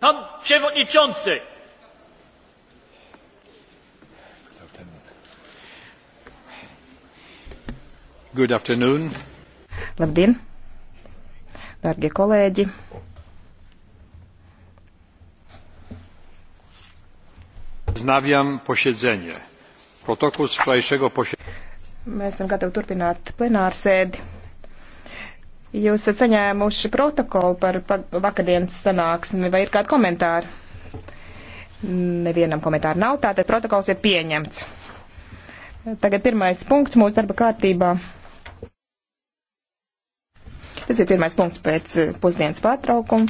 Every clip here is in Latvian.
Pan przewodniczący! Good afternoon. Labdien, dārgie kolēģi! Znawiam posiedzenie. Protokół z wczorajszego posiedzenia. Mēs esam gatavi turpināt plenārsēdi. Jūs esat saņēmuši protokolu par vakardienas sanāksmi, vai ir kādi komentāri? Nevienam komentāru nav, tātad protokols ir pieņemts. Tagad pirmais punkts mūsu darba kārtībā. Tas ir pirmais punkts pēc eh, pusdienas pārtraukuma.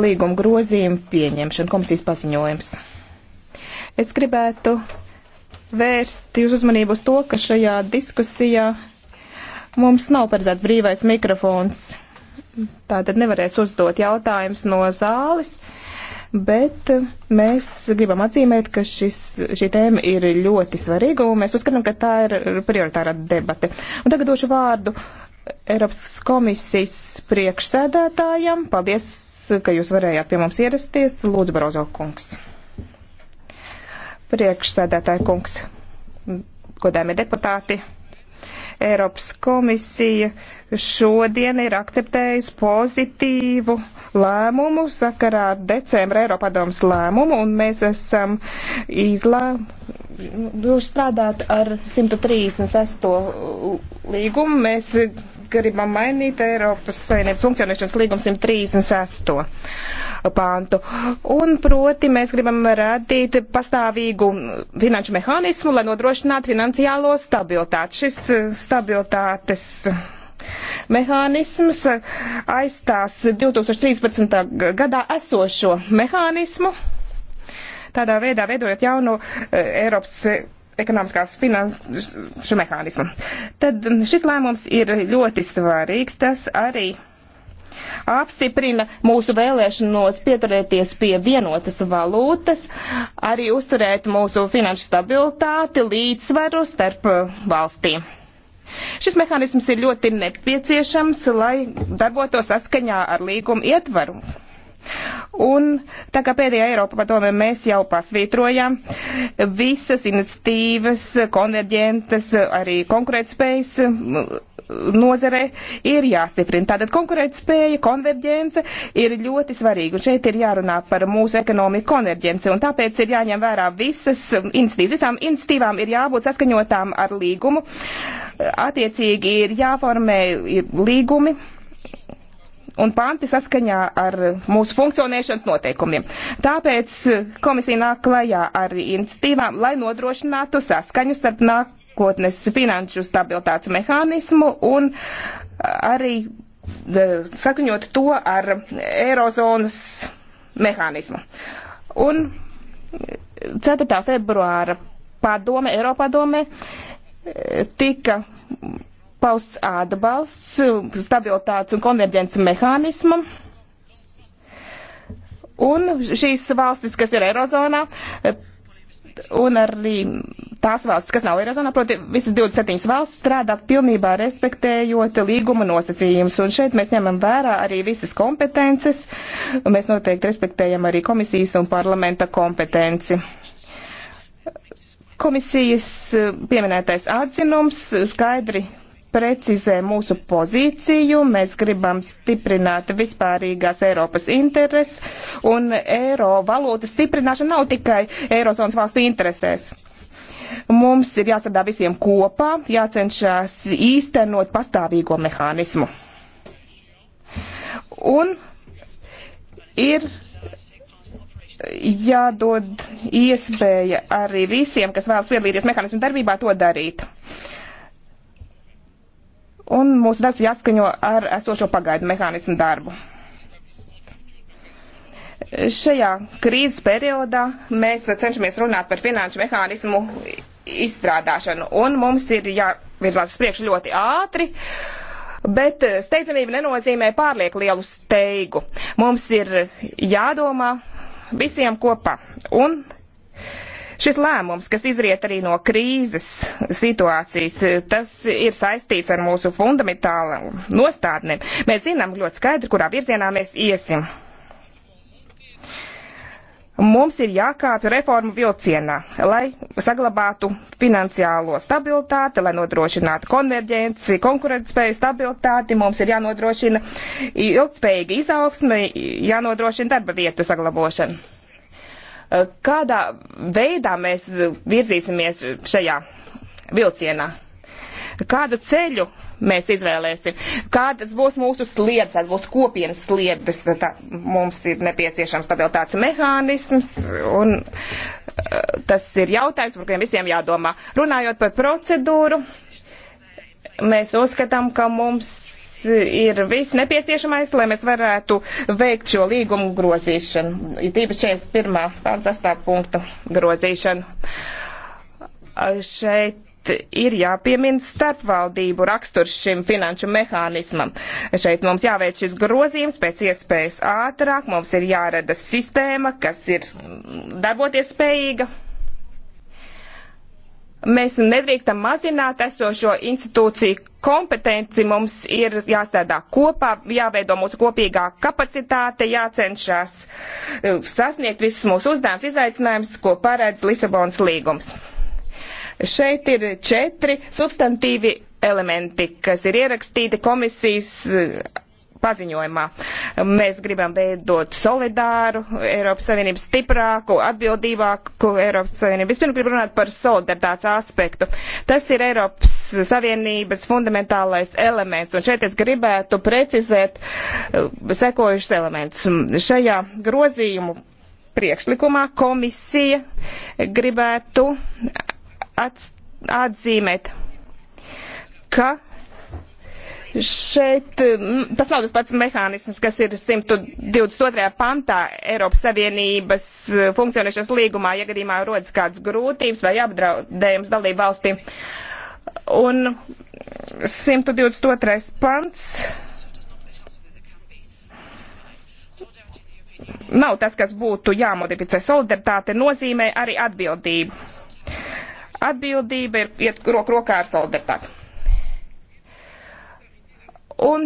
Līguma grozījuma pieņemšana, komisijas paziņojums. Es gribētu vērst jūs uzmanību uz to, ka šajā diskusijā Mums nav paredzēts brīvais mikrofons. Tātad nevarēs uzdot jautājums no zāles, bet mēs gribam atzīmēt, ka šis, šī tēma ir ļoti svarīga un mēs uzskatām, ka tā ir prioritārā debate. Un tagad došu vārdu Eiropas komisijas priekšsēdētājam. Paldies, ka jūs varējāt pie mums ierasties. Lūdzu, Barozo kungs. Priekšsēdētāja kungs, godājumie deputāti. Eiropas komisija šodien ir akceptējusi pozitīvu lēmumu sakarā ar decembra Eiropadomas lēmumu, un mēs esam izlēmuši nu, strādāt ar 136. līgumu. Mēs gribam mainīt Eiropas Savienības funkcionēšanas līgums 136. pāntu. Un proti mēs gribam radīt pastāvīgu finanšu mehānismu, lai nodrošinātu finansiālo stabilitāti. Šis stabilitātes mehānisms aizstās 2013. gadā esošo mehānismu, tādā veidā veidojot jaunu eh, Eiropas eh, ekonomiskās finanšu mehānismu. Tad šis lēmums ir ļoti svarīgs. Tas arī apstiprina mūsu vēlēšanos pieturēties pie vienotas valūtas, arī uzturēt mūsu finanšu stabilitāti, līdzsvaru starp valstīm. Šis mehānisms ir ļoti nepieciešams, lai darbotos saskaņā ar līgumu ietvaru. Un tā kā pēdējā Eiropa padomē mēs jau pasvītrojām visas iniciatīvas, konverģentas, arī konkurētspējas nozare ir jāstiprina. Tātad konkurētspēja, konverģence ir ļoti svarīga. Un šeit ir jārunā par mūsu ekonomiku konverģence. Un tāpēc ir jāņem vērā visas iniciatīvas. Visām iniciatīvām ir jābūt saskaņotām ar līgumu. Uh, attiecīgi ir jāformē ir līgumi un panti saskaņā ar mūsu funkcionēšanas noteikumiem. Tāpēc komisija nāk klajā ar institīvām, lai nodrošinātu saskaņu starp nākotnes finanšu stabilitātes mehānismu un arī e, sakaņot to ar Eirozonas mehānismu. Un e, 4. februāra padome, Eiropadome, uh, tika pausts atbalsts stabilitātes un konverģences mehānismam. Un šīs valstis, kas ir Eirozonā, un arī tās valstis, kas nav Eirozonā, proti visas 27 valsts strādā pilnībā respektējot līguma nosacījumus. Un šeit mēs ņemam vērā arī visas kompetences, un mēs noteikti respektējam arī komisijas un parlamenta kompetenci. Komisijas eh, pieminētais atzinums skaidri precizē mūsu pozīciju. Mēs gribam stiprināt vispārīgās Eiropas intereses, un eiro valūtas stiprināšana nav tikai Eirozonas valstu interesēs. Mums ir jāstrādā visiem kopā, jācenšas īstenot pastāvīgo mehānismu. Un ir jādod iespēja arī visiem, kas vēlas piedalīties mehānismu darbībā, to darīt. Un mūsu darbs jāskaņo ar esošo pagaidu mehānismu darbu. Šajā krīzes periodā mēs cenšamies runāt par finanšu mehānismu izstrādāšanu, un mums ir jāvirzās uz priekšu ļoti ātri. Uh, bet steidzamība nenozīmē pārlieku lielu steigu. Mums ir jādomā visiem kopā. Un Šis lēmums, kas izriet arī no krīzes situācijas, tas ir saistīts ar mūsu fundamentālu nostādnēm. Mēs zinām ļoti skaidri, kurā virzienā mēs iesim. Mums ir jākāpj reformu vilcienā, lai saglabātu finansiālo stabilitāti, lai nodrošinātu konverģenci, konkurētspēju stabilitāti. Mums ir jānodrošina ilgspējīga izaugsme, jānodrošina darba vietu saglabošana. Kādā veidā mēs virzīsimies šajā vilcienā? Kādu ceļu mēs izvēlēsim. Kādas būs mūsu sliedas, kādas būs kopienas sliedas, tā, mums ir nepieciešams stabilitātes mehānisms, un eh, tas ir jautājums, par kuriem visiem jādomā. Runājot par procedūru, mēs uzskatām, ka mums ir viss nepieciešamais, lai mēs varētu veikt šo līgumu grozīšanu, ir tīpaši 41. pārdzastā punktu grozīšanu. Šeit ir jāpiemina starpvaldību raksturs šim finanšu mehānismam. Šeit mums jāveic šis grozījums pēc iespējas ātrāk, mums ir jārada sistēma, kas ir darboties spējīga. Mēs nedrīkstam mazināt esošo institūciju kompetenci, mums ir jāstrādā kopā, jāveido mūsu kopīgā kapacitāte, jācenšas eh, sasniegt visus mūsu uzdevums, izaicinājums, ko paredz Lisabonas līgums. Šeit ir četri substantīvi elementi, kas ir ierakstīti komisijas eh, paziņojumā. Mēs gribam veidot solidāru Eiropas Savienību, stiprāku, atbildīgāku Eiropas Savienību. Vispirms gribu runāt par solidaritātes aspektu. Tas ir Eiropas Savienības fundamentālais elements, un šeit es gribētu precizēt eh, sekojušus elementus. Šajā grozījumu priekšlikumā komisija gribētu atzīmēt, ka Šeit tas nav tas pats mehānisms, kas ir 122. pantā Eiropas Savienības eh, funkcionēšanas līgumā, ja gadījumā rodas kādas grūtības vai apdraudējums dalību valstīm. Un 122. pants nav tas, kas būtu jāmodificē. Solidaritāte nozīmē arī atbildību atbildība ir iet roku rokā ar solidaritāti. Un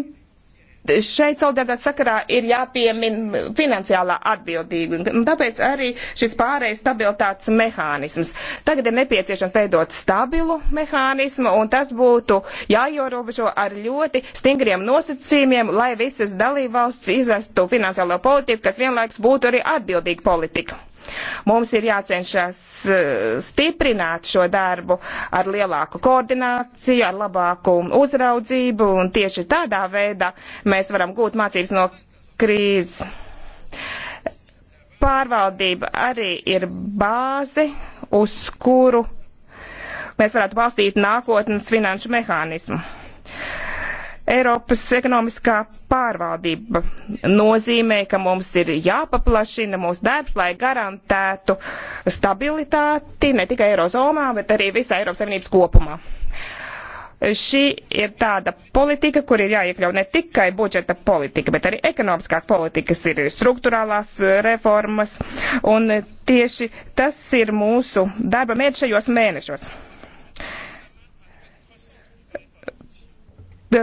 šeit solidaritātes sakarā ir jāpiemin finansiālā atbildība. Tāpēc arī šis pārējais stabilitātes mehānisms. Tagad ir nepieciešams veidot stabilu mehānismu, un tas būtu jāierobežo ar ļoti stingriem nosacījumiem, lai visas dalībvalsts izvestu finansiālo politiku, kas vienlaiks būtu arī atbildīga politika. Mums ir jācenšas eh, stiprināt šo darbu ar lielāku koordināciju, ar labāku uzraudzību, un tieši tādā veidā mēs varam gūt mācības no krīzes. Pārvaldība arī ir bāze, uz kuru mēs varētu balstīt nākotnes finanšu mehānismu. Eiropas ekonomiskā pārvaldība nozīmē, ka mums ir jāpaplašina mūsu darbs, lai garantētu stabilitāti ne tikai Eirozonā, bet arī visā Eiropas Savienības kopumā. Šī ir tāda politika, kur ir jāiekļau ne tikai budžeta politika, bet arī ekonomiskās politikas, ir struktūrālās reformas, un tieši tas ir mūsu darba mērķis šajos mēnešos.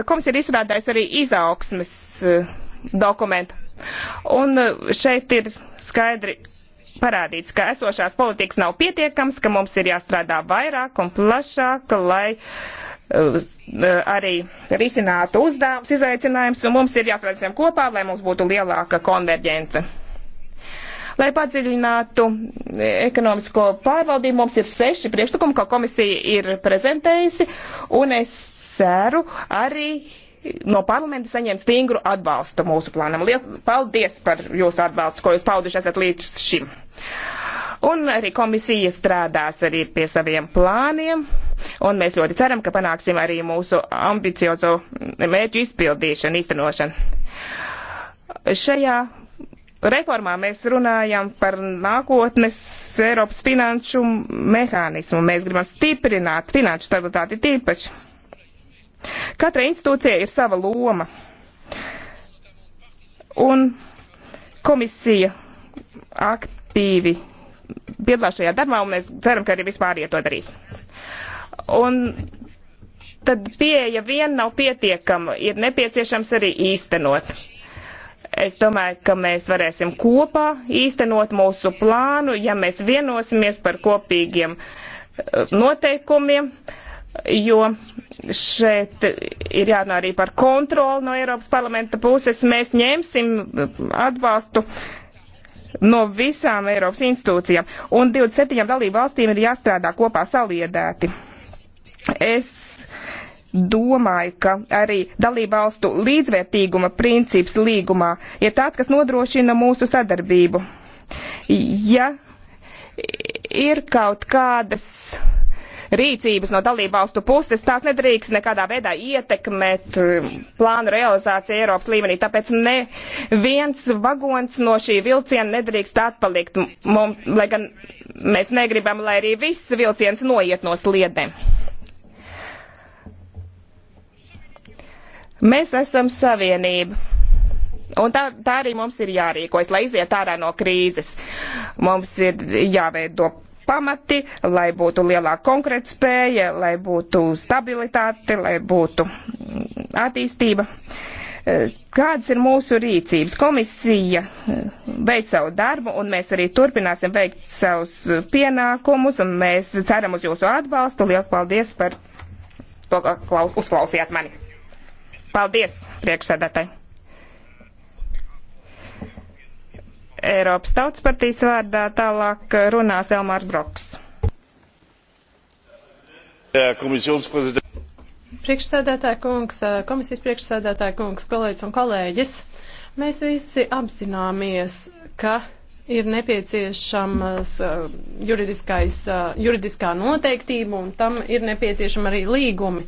Komisija ir izstrādājusi arī izaugsmes eh, dokumentu. Un eh, šeit ir skaidri parādīts, ka esošās politikas nav pietiekams, ka mums ir jāstrādā vairāk un plašāk, lai uh, arī risinātu uzdevums, izaicinājums, un mums ir jāstrādā visiem kopā, lai mums būtu lielāka konverģence. Lai padziļinātu ekonomisko pārvaldību, mums ir seši priekšlikumi, ko komisija ir prezentējusi, un es ceru arī no parlamenta saņemt stingru atbalstu mūsu plānam. Liels paldies par jūsu atbalstu, ko jūs pauduši esat līdz šim. Un arī komisija strādās arī pie saviem plāniem, un mēs ļoti ceram, ka panāksim arī mūsu ambiciozo mērķu izpildīšanu, īstenošanu. Šajā reformā mēs runājam par nākotnes Eiropas finanšu mehānismu. Mēs gribam stiprināt finanšu stabilitāti tīpaši Katrai institūcijai ir sava loma. Un komisija aktīvi piedalās šajā darbā, un mēs ceram, ka arī vispār to darīs. Un tad pieeja vien nav pietiekama, ir nepieciešams arī īstenot es domāju, ka mēs varēsim kopā īstenot mūsu plānu, ja mēs vienosimies par kopīgiem eh, noteikumiem. Uh, jo šeit ir jārunā arī par kontroli no Eiropas parlamenta puses. Mēs ņemsim atbalstu no visām Eiropas institūcijām, un 27 dalību valstīm ir jāstrādā kopā saliedēti. Es domāju, ka arī dalībvalstu līdzvērtīguma princips līgumā ir tāds, kas nodrošina mūsu sadarbību. Ja ir kaut kādas uh, rīcības no dalībvalstu puses, tās nedrīkst nekādā veidā ietekmēt um, plānu realizāciju Eiropas līmenī. Tāpēc ne viens vagons no šī vilciena nedrīkst atpalikt, mums, lai gan mēs negribam, lai arī viss vilciens noiet no sliedēm. Mēs esam savienība. Un tā, tā arī mums ir jārīkojas, lai iziet ārā no krīzes. Mums ir jāveido pamati, lai būtu lielāka konkrētspēja, lai būtu stabilitāte, lai būtu attīstība kādas ir mūsu rīcības. Komisija veic savu darbu, un mēs arī turpināsim veikt savus pienākumus, un mēs ceram uz jūsu atbalstu. Lielas paldies par to, ka klaus, uzklausījāt mani. Paldies, priekšsēdētāji! Eiropas Tautas partijas vārdā tālāk runās Elmārs Broks. Priekšsēdētāja kungs, eh, komisijas priekšsēdētāja kungs, kolēģis un kolēģis, mēs visi apzināmies, ka ir nepieciešams eh, juridiskais, eh, juridiskā noteiktība un tam ir nepieciešama arī līgumi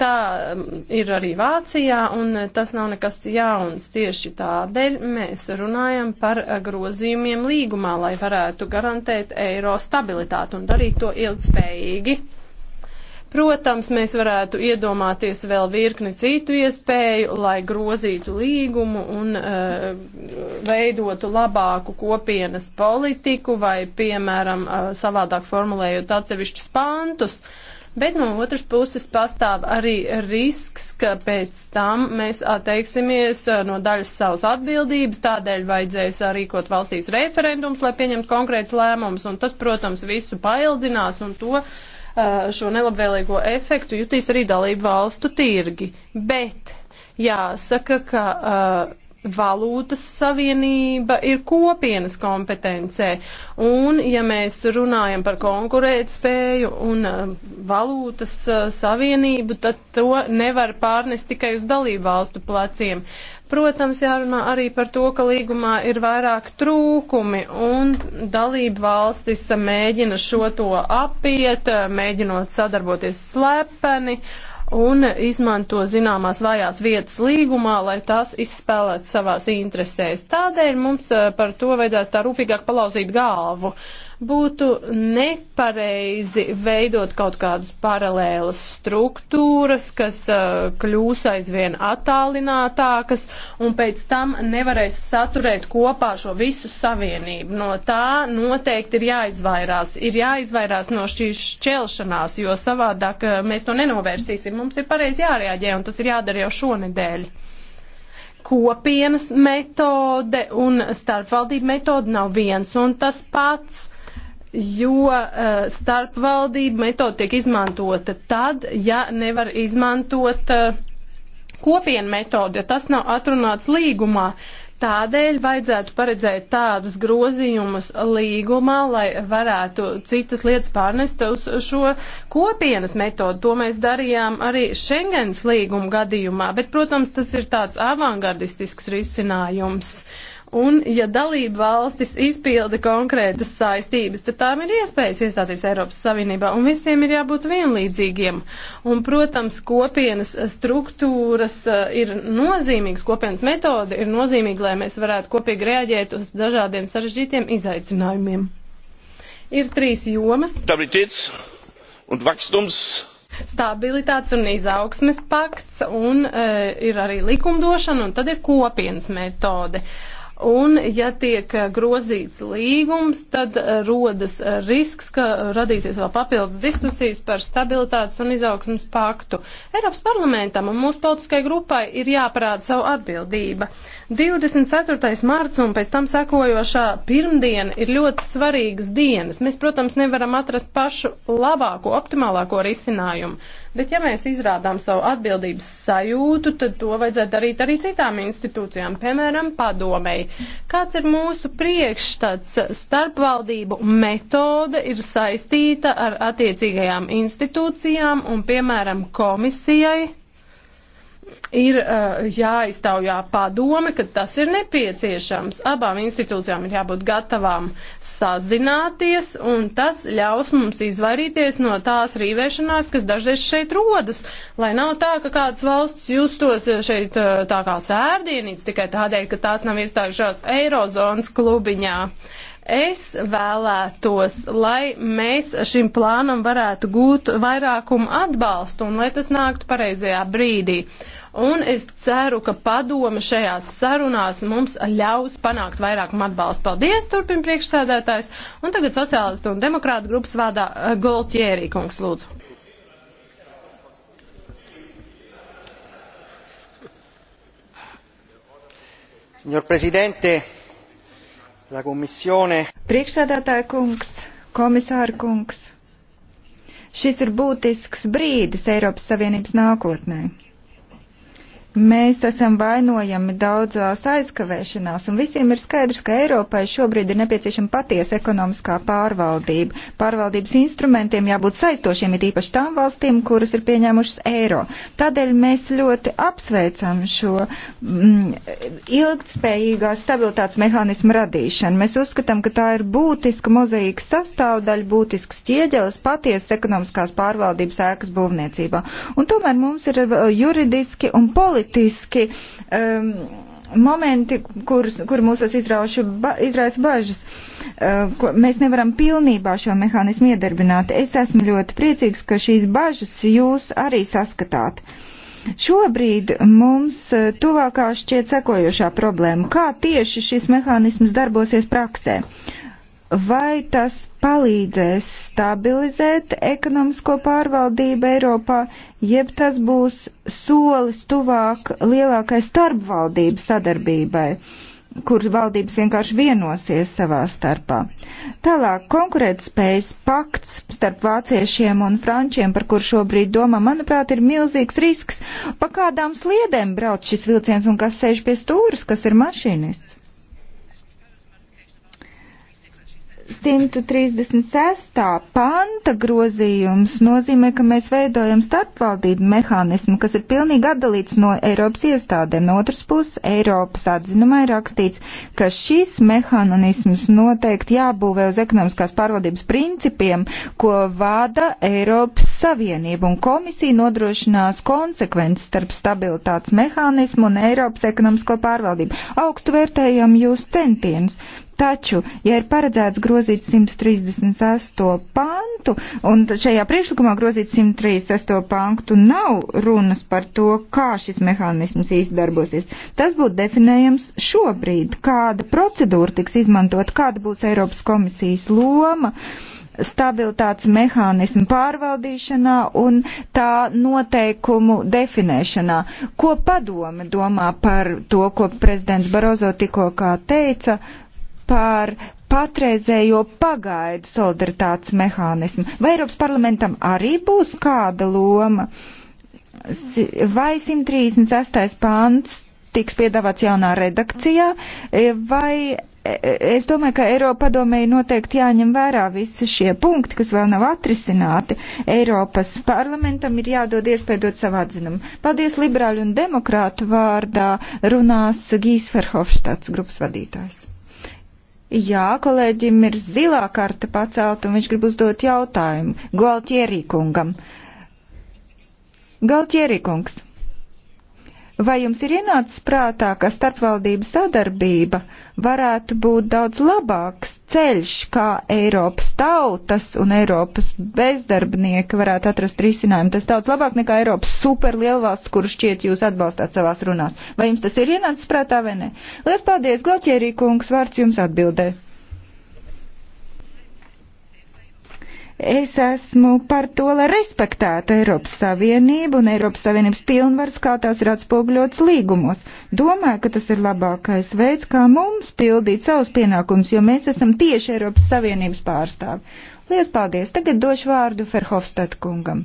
tā um, ir arī Vācijā, un eh, tas nav nekas jauns. Tieši tādēļ mēs runājam par eh, grozījumiem līgumā, lai varētu garantēt eiro stabilitāti un darīt to ilgspējīgi. Protams, mēs varētu iedomāties vēl virkni citu iespēju, lai grozītu līgumu un uh, veidotu labāku kopienas politiku vai, piemēram, uh, savādāk formulējot atsevišķus pantus. Uh, bet no otras puses pastāv arī risks, ka pēc tam mēs atteiksimies eh, no daļas savas atbildības, tādēļ vajadzēs eh, rīkot valstīs referendums, lai pieņemtu konkrēts lēmums, un tas, protams, visu paildzinās un to eh, šo nelabvēlīgo efektu jutīs arī dalību valstu tirgi. Bet jāsaka, ka uh, valūtas savienība ir kopienas kompetencē. Un, ja mēs runājam par konkurētspēju un uh, valūtas uh, savienību, tad to nevar pārnest tikai uz dalību valstu pleciem. Protams, jārunā arī par to, ka līgumā ir vairāk trūkumi un dalību valstis mēģina šo to apiet, mēģinot sadarboties slepeni. Uh, un izmanto zināmās vājās vietas līgumā, lai tās izspēlētu savās interesēs. Tādēļ mums eh, par to vajadzētu tā rūpīgāk palauzīt galvu. Uh, Būtu nepareizi veidot kaut kādas paralēlas struktūras, kas uh, kļūs aizvien attālinātākas un pēc tam nevarēs saturēt kopā šo visu savienību. No tā noteikti ir jāizvairās. Ir jāizvairās no šīs šķelšanās, jo savādāk uh, mēs to nenovērsīsim. Mums ir pareizi jārēģē un tas ir jādara jau šonedēļ kopienas metode un starpvaldību metode nav viens un tas pats jo uh, starpvaldība metode tiek izmantota tad, ja nevar izmantot uh, kopienu metodi, jo tas nav atrunāts līgumā. Tādēļ vajadzētu paredzēt tādus grozījumus līgumā, lai varētu citas lietas pārnest uz šo kopienas metodu. To mēs darījām arī Schengens līguma gadījumā, bet, protams, tas ir tāds avangardistisks risinājums. Uh, Un, ja dalība valstis izpilda konkrētas saistības, tad tām ir iespējas iestāties Eiropas Savienībā, un visiem ir jābūt vienlīdzīgiem. Un, protams, kopienas struktūras eh, ir nozīmīgas, kopienas metode ir nozīmīga, lai mēs varētu kopīgi reaģēt uz dažādiem sarežģītiem izaicinājumiem. Ir trīs jomas. Stabilitātes un vakstums stabilitātes un izaugsmes pakts, un e, ir arī likumdošana, un tad ir kopienas metode. Un, ja tiek eh, grozīts līgums, tad eh, rodas eh, risks, ka radīsies vēl papildus diskusijas par stabilitātes un izaugsmas paktu. Eiropas parlamentam un mūsu politiskajai grupai ir jāparāda savu atbildību. 24. marts un pēc tam sekojošā pirmdiena ir ļoti svarīgas dienas. Mēs, protams, nevaram atrast pašu labāko, optimālāko risinājumu, bet ja mēs izrādām savu atbildības sajūtu, tad to vajadzētu darīt arī citām institūcijām, piemēram, padomēji. Kāds ir mūsu priekšstats? Starpvaldību metode ir saistīta ar attiecīgajām institūcijām un, piemēram, komisijai ir uh, jāiztaujā padome, ka tas ir nepieciešams. Abām institūcijām ir jābūt gatavām sazināties, un tas ļaus mums izvairīties no tās rīvēšanās, kas dažreiz šeit rodas, lai nav tā, ka kāds valsts justos eh, šeit uh, tā kā sērdienīts tikai tādēļ, ka tās nav iestājušās Eirozonas klubiņā. Uh, Es vēlētos, lai mēs šim plānam varētu gūt vairākumu atbalstu un lai tas nāktu pareizajā brīdī. Un es ceru, ka padome šajās sarunās mums ļaus panākt vairākumu atbalstu. Paldies, turpin priekšsēdētājs. Un tagad sociālistu un demokrātu grupas vārdā eh, Goltjērī kungs lūdzu. Signor Presidente, La Commissione. Priekšsēdētāja kungs, komisāra kungs. Šis ir būtisks brīdis Eiropas Savienības nākotnē. Mēs esam vainojami daudzās aizkavēšanās, un visiem ir skaidrs, ka Eiropai šobrīd ir nepieciešama patiesa ekonomiskā pārvaldība. Pārvaldības instrumentiem jābūt saistošiem, it īpaši tām valstīm, kuras ir pieņēmušas eiro. Tādēļ mēs ļoti apsveicam šo mm, ilgtspējīgā stabilitātes mehānismu radīšanu. Mēs uzskatām, ka tā ir būtiska mozaīka sastāvdaļa, būtisks ķieģelis patiesas ekonomiskās pārvaldības ēkas būvniecībā. Un tomēr mums ir juridiski un politiski būtiski um, momenti, kur, kur mūsos izrauša, ba, izraisa bažas. Uh, ko, mēs nevaram pilnībā šo mehānismu iedarbināt. Es esmu ļoti priecīgs, ka šīs bažas jūs arī saskatāt. Šobrīd mums uh, tuvākā šķiet sekojošā problēma. Kā tieši šis mehānisms darbosies praksē? Uh, vai tas palīdzēs stabilizēt ekonomisko pārvaldību Eiropā, jeb tas būs solis tuvāk lielākai starpvaldību sadarbībai, kur valdības vienkārši vienosies savā starpā. Tālāk konkurētspējas pakts starp vāciešiem un frančiem, par kur šobrīd domā, manuprāt, ir milzīgs risks. Pa kādām sliedēm brauc šis vilciens un kas sēž pie stūras, kas ir mašīnists? 136. panta grozījums nozīmē, ka mēs veidojam starpvaldību mehānismu, kas ir pilnīgi atdalīts no Eiropas iestādēm. No otras puses, Eiropas atzinumā ir rakstīts, ka šis mehānisms noteikti jābūvē uz ekonomiskās pārvaldības principiem, ko vada Eiropas Savienība, un komisija nodrošinās konsekvences starp stabilitātes mehānismu un Eiropas ekonomisko pārvaldību. Augstu vērtējam jūs centienus, Taču, ja ir paredzēts grozīt 138 pantu, un šajā priekšlikumā grozīt 138 pantu nav runas par to, kā šis mehānisms īsti darbosies, tas būtu definējams šobrīd, kāda procedūra tiks izmantot, kāda būs Eiropas komisijas loma stabilitātes mehānismu pārvaldīšanā un tā noteikumu definēšanā. Ko padome domā par to, ko prezidents Barozo tikko teica, par patreizējo pagaidu solidaritātes mehānismu. Vai Eiropas parlamentam arī būs kāda loma? Vai 136. pants tiks piedāvāts jaunā redakcijā, e, vai e, e, es domāju, ka Eiropa padomēji noteikti jāņem vērā visi šie punkti, kas vēl nav atrisināti. Eiropas parlamentam ir jādod iespēju dot savu atzinumu. Paldies liberāļu un demokrātu vārdā runās Gīs Ferhofštāts, grupas vadītājs. Jā, kolēģim ir zilā karta pacelt, un viņš grib uzdot jautājumu Gualtierī kungam. Galtierī kungs. Vai jums ir ienācis prātā, ka starpvaldību sadarbība varētu būt daudz labāks ceļš, kā Eiropas tautas un Eiropas bezdarbnieki varētu atrast risinājumu? Tas daudz labāk nekā Eiropas superlielvalsts, kuru šķiet jūs atbalstāt savās runās. Vai jums tas ir ienācis prātā vai ne? Lielas paldies, Gloķierī kungs, vārds jums atbildē. Es esmu par to, lai respektētu Eiropas Savienību un Eiropas Savienības pilnvaras, kā tās ir atspogļotas līgumos. Domāju, ka tas ir labākais veids, kā mums pildīt savus pienākumus, jo mēs esam tieši Eiropas Savienības pārstāvi. Lielas paldies! Tagad došu vārdu Ferhofstad kungam.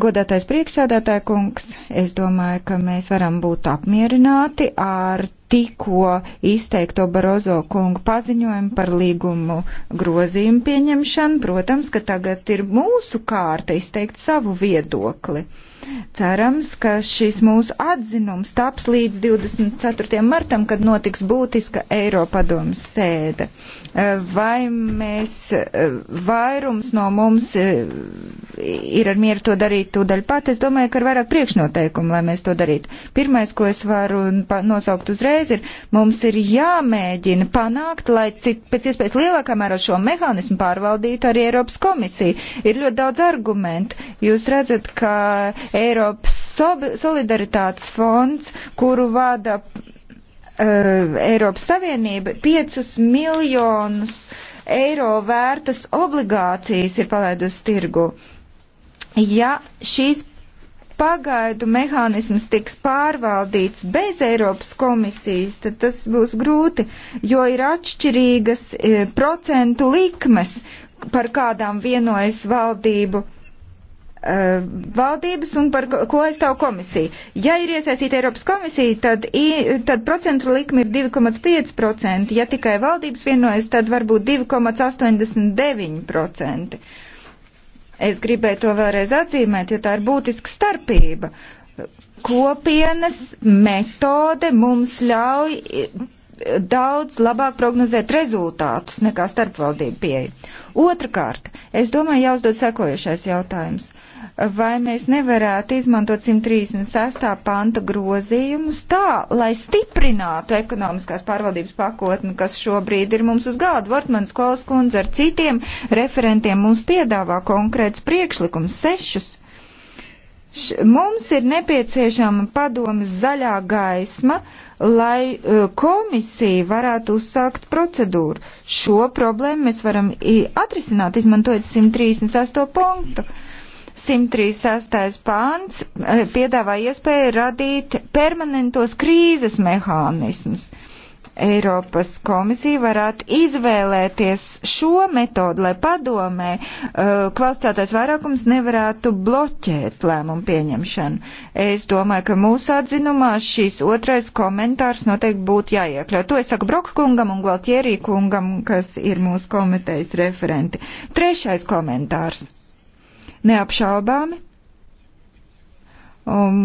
Godātais priekšsēdētāja kungs, es domāju, ka mēs varam būt apmierināti ar tikko izteikto Barozo kungu paziņojumu par līgumu grozījumu pieņemšanu. Protams, ka tagad ir mūsu kārta izteikt savu viedokli. Cerams, ka šis mūsu atzinums taps līdz 24. martam, kad notiks būtiska Eiropadomas sēde. Vai mēs, vairums no mums e, ir ar mieru to darīt tūdaļ pat? Es domāju, ka ir vairāk priekšnoteikumu, lai mēs to darītu. Pirmais, ko es varu nosaukt uzreiz, ir, mums ir jāmēģina panākt, lai cik, pēc iespējas lielākā mērā šo mehānismu pārvaldītu arī Eiropas komisija. Ir ļoti daudz argumentu. Jūs redzat, ka Eiropas solidaritātes fonds, kuru vada uh, Eiropas Savienība 5 miljonus eiro vērtas obligācijas ir palaidusi tirgu. Ja šīs pagaidu mehānisms tiks pārvaldīts bez Eiropas komisijas, tad tas būs grūti, jo ir atšķirīgas eh, procentu likmes, par kādām vienojas valdību Eh, valdības un par ko aizstāv komisija. Ja ir iesaistīta Eiropas komisija, tad, i, tad procentu likme ir 2,5%, ja tikai valdības vienojas, tad varbūt 2,89%. Es gribēju to vēlreiz atzīmēt, jo tā ir būtiska starpība. Kopienas metode mums ļauj eh, daudz labāk prognozēt rezultātus nekā starpvaldību pieeja. Otrakārt, es domāju, jāuzdod sekojušais jautājums vai mēs nevarētu izmantot 136. panta grozījumus tā, lai stiprinātu ekonomiskās pārvaldības pakotni, kas šobrīd ir mums uz galda. Vortmanas skolas kundze ar citiem referentiem mums piedāvā konkrēts priekšlikums sešus. Š, mums ir nepieciešama padomas zaļā gaisma, lai e, komisija varētu uzsākt procedūru. Šo problēmu mēs varam atrisināt, izmantojot 138. punktu. Mm 136. pāns eh, piedāvā iespēju radīt permanentos krīzes mehānismus. Eiropas komisija varētu izvēlēties šo metodu, lai padomē eh, kvalificētais vairākums nevarētu bloķēt lēmumu pieņemšanu. Es domāju, ka mūsu atzinumā šīs otrais komentārs noteikti būtu jāiekļaut. To es saku Broka kungam un Gvaltjerī kungam, kas ir mūsu komitejas referenti. Trešais komentārs Neapšaubāmi. Un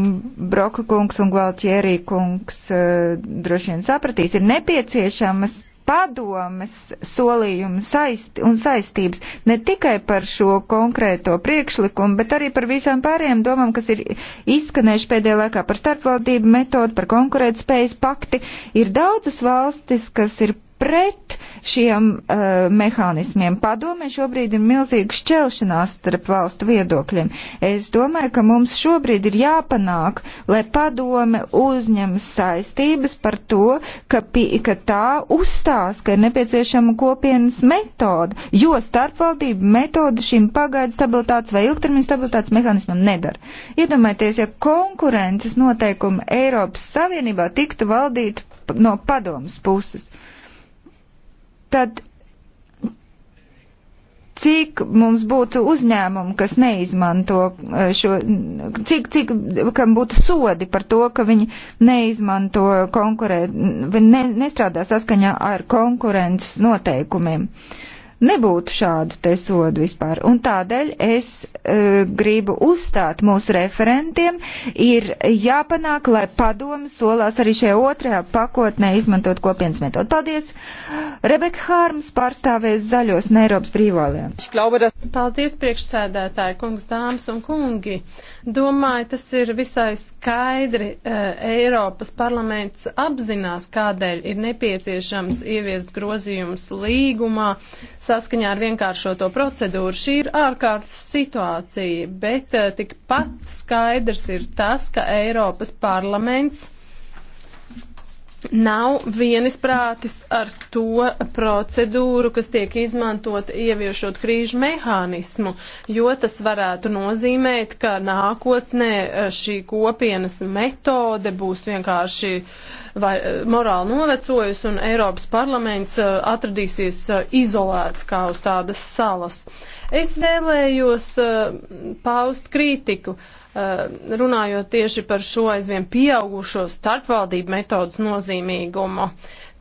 Broka kungs un Gvaltjerī kungs uh, droši vien sapratīs, ir nepieciešamas padomes solījumu saisti un saistības ne tikai par šo konkrēto priekšlikumu, bet arī par visām pārējām domām, kas ir izskanējuši pēdējā laikā par starpvaldību metodu, par konkurētspējas pakti. Ir daudzas valstis, kas ir pret šiem uh, mehānismiem. Padome šobrīd ir milzīga šķelšanās starp valstu viedokļiem. Es domāju, ka mums šobrīd ir jāpanāk, lai padome uzņemas saistības par to, ka, ka tā uzstās, ka ir nepieciešama kopienas metoda, jo starpvaldību metoda šim pagaidu stabilitātes vai ilgtermiņa stabilitātes mehānismam nedara. Iedomājieties, ja konkurences noteikumi Eiropas Savienībā tiktu valdīti no padomas puses. Uh, tad cik mums būtu uzņēmumu, kas neizmanto e, šo, cik, cik, kam būtu sodi par to, ka viņi neizmanto konkurēt, ne, nestrādā saskaņā ar konkurences noteikumiem. Uh, nebūtu šādu te sodu vispār. Un tādēļ es e, gribu uzstāt mūsu referentiem, ir jāpanāk, lai padomi solās arī šajā otrajā pakotnē izmantot kopienas metodu. Paldies! Rebeka Hārms pārstāvēs Zaļos un Eiropas brīvālēm. Paldies, priekšsēdētāji, kungs, dāmas un kungi! Domāju, tas ir visai skaidri. E, Eiropas parlaments apzinās, kādēļ ir nepieciešams ieviest grozījumus līgumā, saskaņā ar vienkāršoto procedūru. Šī ir ārkārtas situācija, bet eh, tikpat skaidrs ir tas, ka Eiropas parlaments nav vienisprātis ar to procedūru, kas tiek izmantot ieviešot krīžu mehānismu, jo tas varētu nozīmēt, ka nākotnē e, šī kopienas metode būs vienkārši vai, e, morāli novecojusi un Eiropas parlaments e, atradīsies izolēts kā uz tādas salas. Es vēlējos paust kritiku. Uh, Eh, runājot tieši par šo aizvien pieaugušo starpvaldību metodas nozīmīgumu.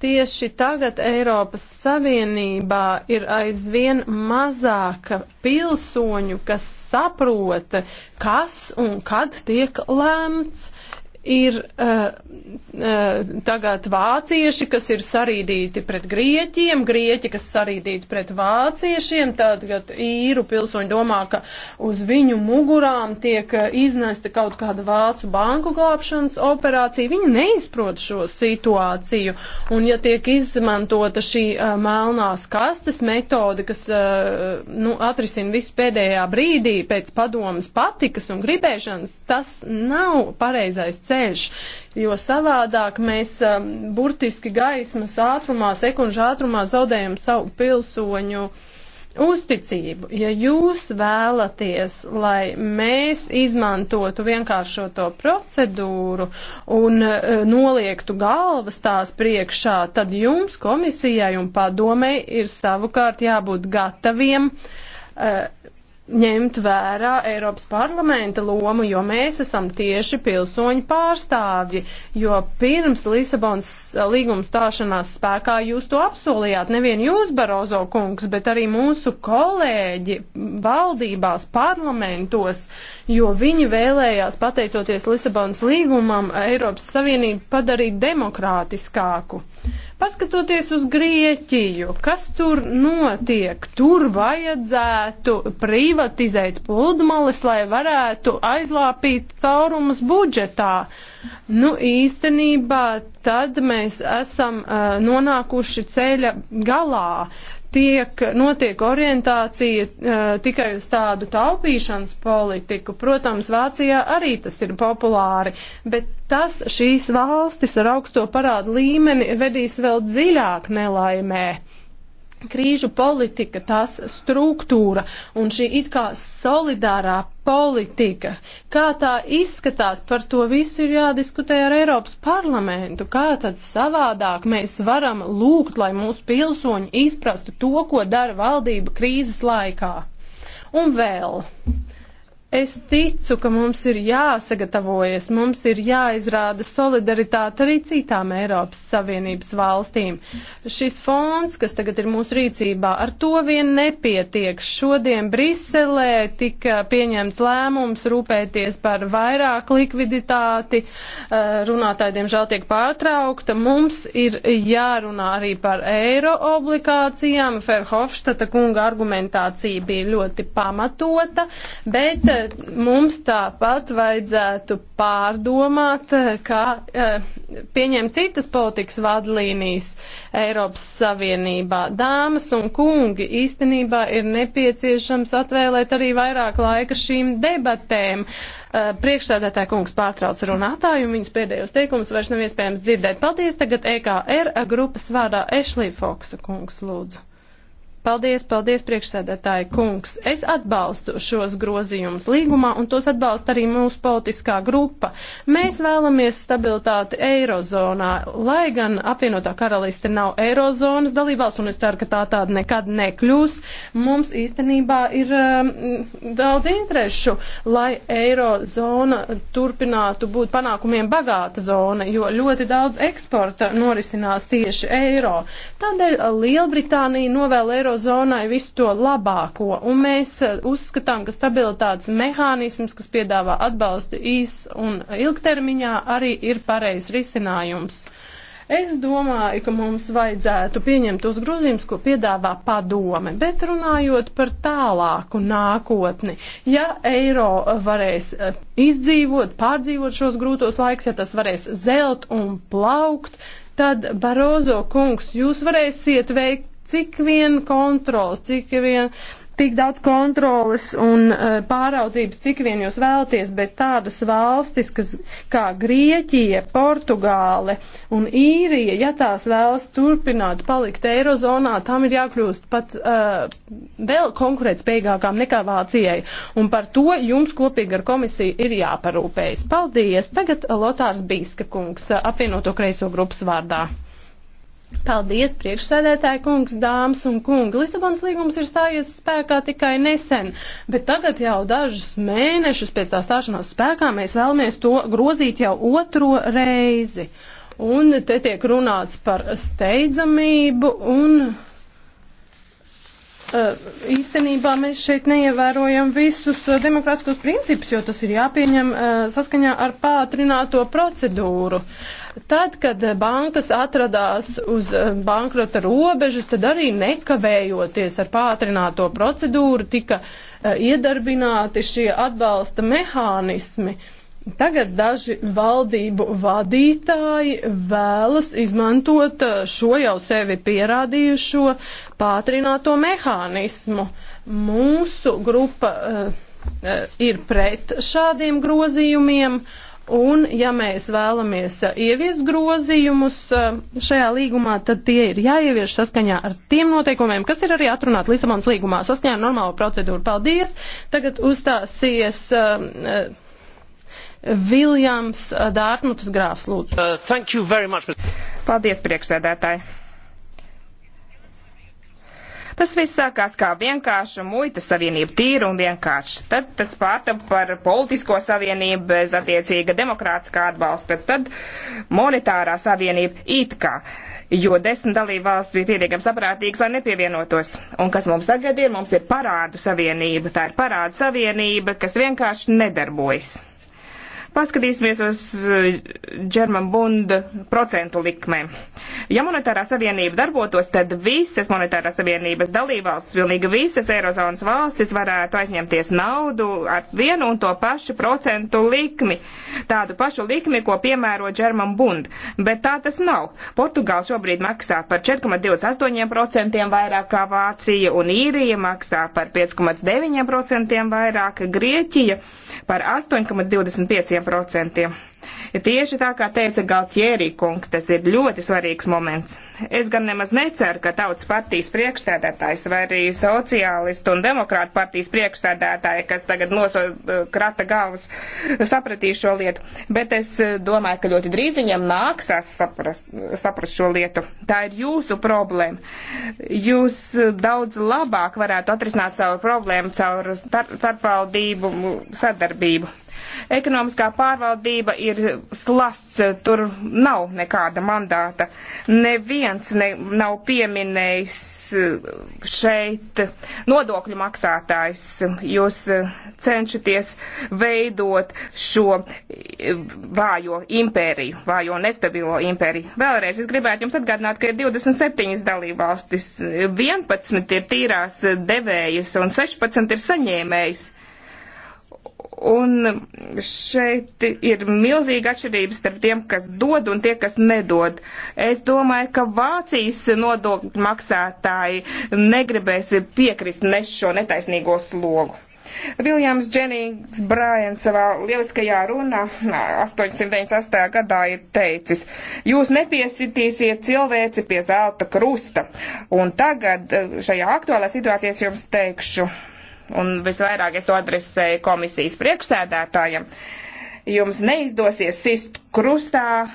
Tieši tagad Eiropas Savienībā ir aizvien mazāka pilsoņu, kas saprota, kas un kad tiek lēmts. Uh, ir uh, uh, tagad vācieši, kas ir sarīdīti pret grieķiem, grieķi, kas sarīdīti pret vāciešiem, tad īru pilsoņi domā, ka uz viņu mugurām tiek eh, iznesta kaut kāda vācu banku glābšanas operācija. Viņi neizprot šo situāciju, un ja tiek izmantota šī uh, melnās kastes metode, kas uh, nu, atrisina visu pēdējā brīdī pēc padomas patikas un gribēšanas, tas nav pareizais ceļš ceļš, jo savādāk mēs um, burtiski gaismas ātrumā, sekundžu ātrumā zaudējam savu pilsoņu uzticību. Ja jūs vēlaties, lai mēs izmantotu vienkāršo to procedūru un uh, noliektu galvas tās priekšā, tad jums komisijai un padomei ir savukārt jābūt gataviem uh, ņemt vērā Eiropas parlamenta lomu, jo mēs esam tieši pilsoņu pārstāvji, jo pirms Lisabonas līguma stāšanās spēkā jūs to apsolījāt, nevien jūs, Barozo kungs, bet arī mūsu kolēģi valdībās, parlamentos. Uh, jo viņi vēlējās, pateicoties Lisabonas līgumam, Eiropas Savienību padarīt demokrātiskāku. Paskatoties uz Grieķiju, kas tur notiek, tur vajadzētu privatizēt pludmales, lai varētu aizlāpīt caurumus budžetā. Nu, īstenībā tad mēs esam uh, nonākuši ceļa galā. Uh, tiek, notiek orientācija uh, tikai uz tādu taupīšanas politiku. Protams, Vācijā arī tas ir populāri, bet tas šīs valstis ar augsto parādu līmeni vedīs vēl dziļāk nelaimē krīžu politika, tās struktūra un šī it kā solidārā politika, kā tā izskatās, par to visu ir jādiskutē ar Eiropas parlamentu, kā tad savādāk mēs varam lūgt, lai mūsu pilsoņi izprastu to, ko dara valdība krīzes laikā. Un vēl. Es ticu, ka mums ir jāsagatavojas, mums ir jāizrāda solidaritāte arī citām Eiropas Savienības valstīm. Šis fonds, kas tagad ir mūsu rīcībā, ar to vien nepietiek. Šodien Briselē tika pieņemts lēmums rūpēties par vairāk likviditāti, eh, runātāji diemžēl tiek pārtraukta. Mums ir jārunā arī par eiro obligācijām. Ferhofštata kunga argumentācija bija ļoti pamatota, bet mums tāpat vajadzētu pārdomāt, kā eh, pieņemt citas politikas vadlīnijas Eiropas Savienībā. Dāmas un kungi, īstenībā ir nepieciešams atvēlēt arī vairāk laika šīm debatēm. Eh, priekšsēdētāja kungs pārtrauc runātāju un viņas pēdējos teikumus vairs nav iespējams dzirdēt. Paldies, tagad EKR grupas vārdā Ešlī Foksa kungs lūdzu. Paldies, paldies, priekšsēdētāji kungs. Es atbalstu šos grozījumus līgumā, un tos atbalsta arī mūsu politiskā grupa. Mēs vēlamies stabilitāti eirozonā, lai gan apvienotā karaliste nav eirozonas dalībvalsts, un es ceru, ka tā tāda nekad nekļūs. Mums īstenībā ir um, daudz interešu, lai eirozona turpinātu būt panākumiem bagāta zona, jo ļoti daudz eksporta norisinās tieši eiro. Tādēļ Lielbritānija novēl eiro eirozonai visu to labāko, un mēs eh, uzskatām, ka stabilitātes mehānisms, kas piedāvā atbalstu īs un ilgtermiņā, arī ir pareizs risinājums. Es domāju, ka mums vajadzētu pieņemt tos grozījumus, ko piedāvā padome, bet runājot par tālāku nākotni, ja eiro varēs eh, izdzīvot, pārdzīvot šos grūtos laiks, ja tas varēs zelt un plaukt, tad Barozo kungs, jūs varēsiet veikt cik vien kontrols, cik vien tik daudz kontroles un uh, pāraudzības, cik vien jūs vēlaties, bet tādas valstis, kas, kā Grieķija, Portugāle un Īrija, ja tās vēlas turpināt palikt Eirozonā, tam ir jākļūst pat uh, vēl konkurētspējīgākām nekā Vācijai. Un par to jums kopīgi ar komisiju ir jāparūpējas. Paldies! Tagad Lotārs Bīska kungs eh, apvienoto kreiso grupas vārdā. Paldies, priekšsēdētāji kungs, dāmas un kungi. Lisabons līgums ir stājies spēkā tikai nesen, bet tagad jau dažus mēnešus pēc tā stāšanās spēkā mēs vēlamies to grozīt jau otro reizi. Un te tiek runāts par steidzamību un Eh, īstenībā mēs šeit neievērojam visus eh, demokrātiskos principus, jo tas ir jāpieņem eh, saskaņā ar pātrināto procedūru. Tad, kad bankas atradās uz bankrota robežas, tad arī nekavējoties ar pātrināto procedūru tika iedarbināti šie atbalsta mehānismi. Uh, Tagad daži valdību vadītāji vēlas izmantot eh, šo jau sevi pierādījušo pātrināto mehānismu. Mūsu grupa uh, ir pret šādiem grozījumiem. Un, ja mēs vēlamies ieviest grozījumus šajā līgumā, tad tie ir jāievieš saskaņā ar tiem noteikumiem, kas ir arī atrunāti Lisabonas līgumā, saskaņā ar normālu procedūru. Paldies! Tagad uzstāsies. Uh, Viljams uh, Dārtmutas grāfs, lūdzu. Uh, Paldies, priekšsēdētāji. Tas viss sākās kā vienkārša muitas savienība, tīra un vienkārša. Tad tas pārtapa par politisko savienību bez attiecīga demokrātiskā atbalsta. Tad monetārā savienība it kā jo desmit dalībvalsts bija pietiekami saprātīgas, lai nepievienotos. Un kas mums tagad ir? Mums ir parādu savienība. Tā ir parādu savienība, kas vienkārši nedarbojas. Paskatīsimies uz Džerman eh, Bunda procentu likmēm. Ja monetārā savienība darbotos, tad visas monetārā savienības dalībvalstis, pilnīgi visas Eirozonas valstis varētu aizņemties naudu ar vienu un to pašu procentu likmi. Tādu pašu likmi, ko piemēro Džerman Bunda. Bet tā tas nav. Portugāla šobrīd maksā par 4,28% vairāk kā Vācija un Īrija maksā par 5,9% vairāk, Grieķija par 8,25% 5%. Tieši tā kā teica Galtjērī kungs, tas ir ļoti svarīgs moments. Es gan nemaz neceru, ka tautas partijas priekšstādātājs vai arī sociālistu un demokrātu partijas priekšstādātāji, kas tagad noso eh, krata galvas, sapratīs šo lietu, bet es eh, domāju, ka ļoti drīz viņam nāksās saprast, saprast šo lietu. Tā ir jūsu problēma. Jūs eh, daudz labāk varētu atrisināt savu problēmu caur starpvaldību sadarbību Ekonomiskā pārvaldība ir slasts, tur nav nekāda mandāta. Neviens ne, nav pieminējis eh, šeit nodokļu maksātājs. Jūs eh, cenšaties veidot šo eh, vājo impēriju, vājo nestabilo impēriju. Vēlreiz es gribētu jums atgādināt, ka ir 27 dalībvalstis, 11 ir tīrās devējas un 16 ir saņēmējas Un šeit ir milzīga atšķirība starp tiem, kas dod un tie, kas nedod. Es domāju, ka Vācijas nodokļu maksātāji negribēs piekrist nes šo netaisnīgo slogu. Viljams Dženings Brājans savā lieliskajā runā 898. gadā ir teicis, jūs nepiesitīsiet cilvēci pie zelta krusta. Un tagad eh, šajā aktuālā situācijā es jums teikšu, un visvairāk es to adresēju komisijas priekšsēdētājam, jums neizdosies sist krustā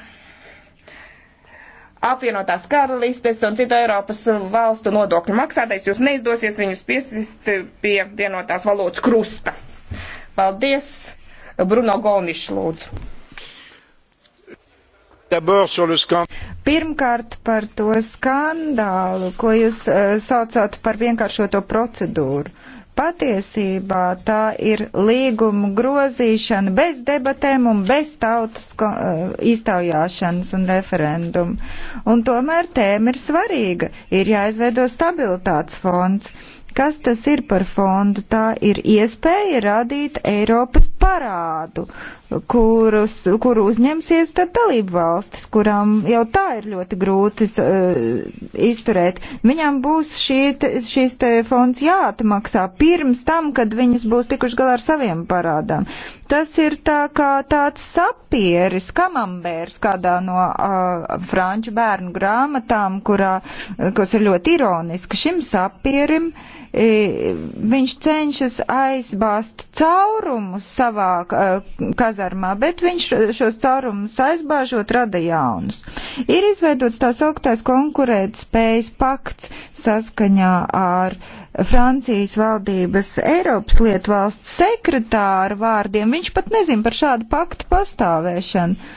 apvienotās karalistes un citu Eiropas valstu nodokļu maksātais, jūs neizdosies viņus piesist pie vienotās valodas krusta. Paldies, Bruno Golnišs lūdzu. Pirmkārt par to skandālu, ko jūs uh, saucāt par vienkāršoto procedūru. Patiesībā tā ir līguma grozīšana bez debatēm un bez tautas eh, iztaujāšanas un referendumu. Un tomēr tēma ir svarīga. Ir jāizveido stabilitātes fonds Kas tas ir par fondu? Tā ir iespēja radīt Eiropas parādu, kurus, kuru uzņemsies tad dalību valstis, kurām jau tā ir ļoti grūti uh, izturēt. Viņām būs šīt, šīs te fonds jāatmaksā pirms tam, kad viņas būs tikuši galā ar saviem parādām. Tas ir tā kā tāds sapieris, kamambērs kādā no uh, franču bērnu grāmatām, kurā, kas ir ļoti ironiski. Šim sapierim i, e, viņš cenšas aizbāzt caurumus savā uh, kazarmā, bet viņš šos caurumus aizbāžot rada jaunus. Ir izveidots tās augtais konkurētspējas pakts saskaņā ar uh, Francijas valdības Eiropas lietu valsts sekretāra vārdiem. Viņš pat nezin par šādu paktu pastāvēšanu.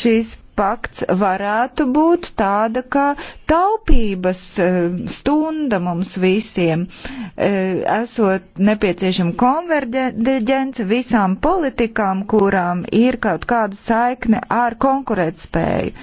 Šis pakts varētu būt tāda kā taupības e, stunda mums visiem, e, esot nepieciešama konverģence visām politikām, kurām ir kaut kāda saikne ar konkurētspēju.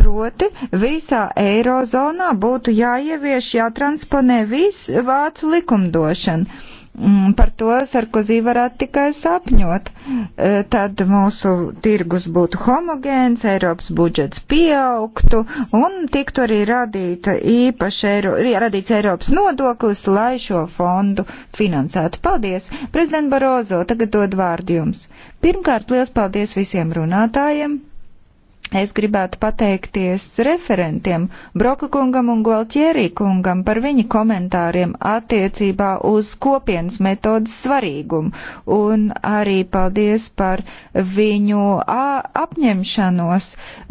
Proti, visā Eirozonā būtu jāievieš, jātransponē viss vācu likumdošana Mm, par to Sarkozī varētu tikai sapņot. E, tad mūsu tirgus būtu homogēns, Eiropas budžets pieaugtu un tiktu arī radīta īpaši Eiro, radīts Eiropas nodoklis, lai šo fondu finansētu. Paldies! Prezident Barozo, tagad dod vārdu jums. Pirmkārt, liels paldies visiem runātājiem! Es gribētu pateikties referentiem Broka kungam un Gualtierī kungam par viņa komentāriem attiecībā uz kopienas metodas svarīgumu un arī paldies par viņu apņemšanos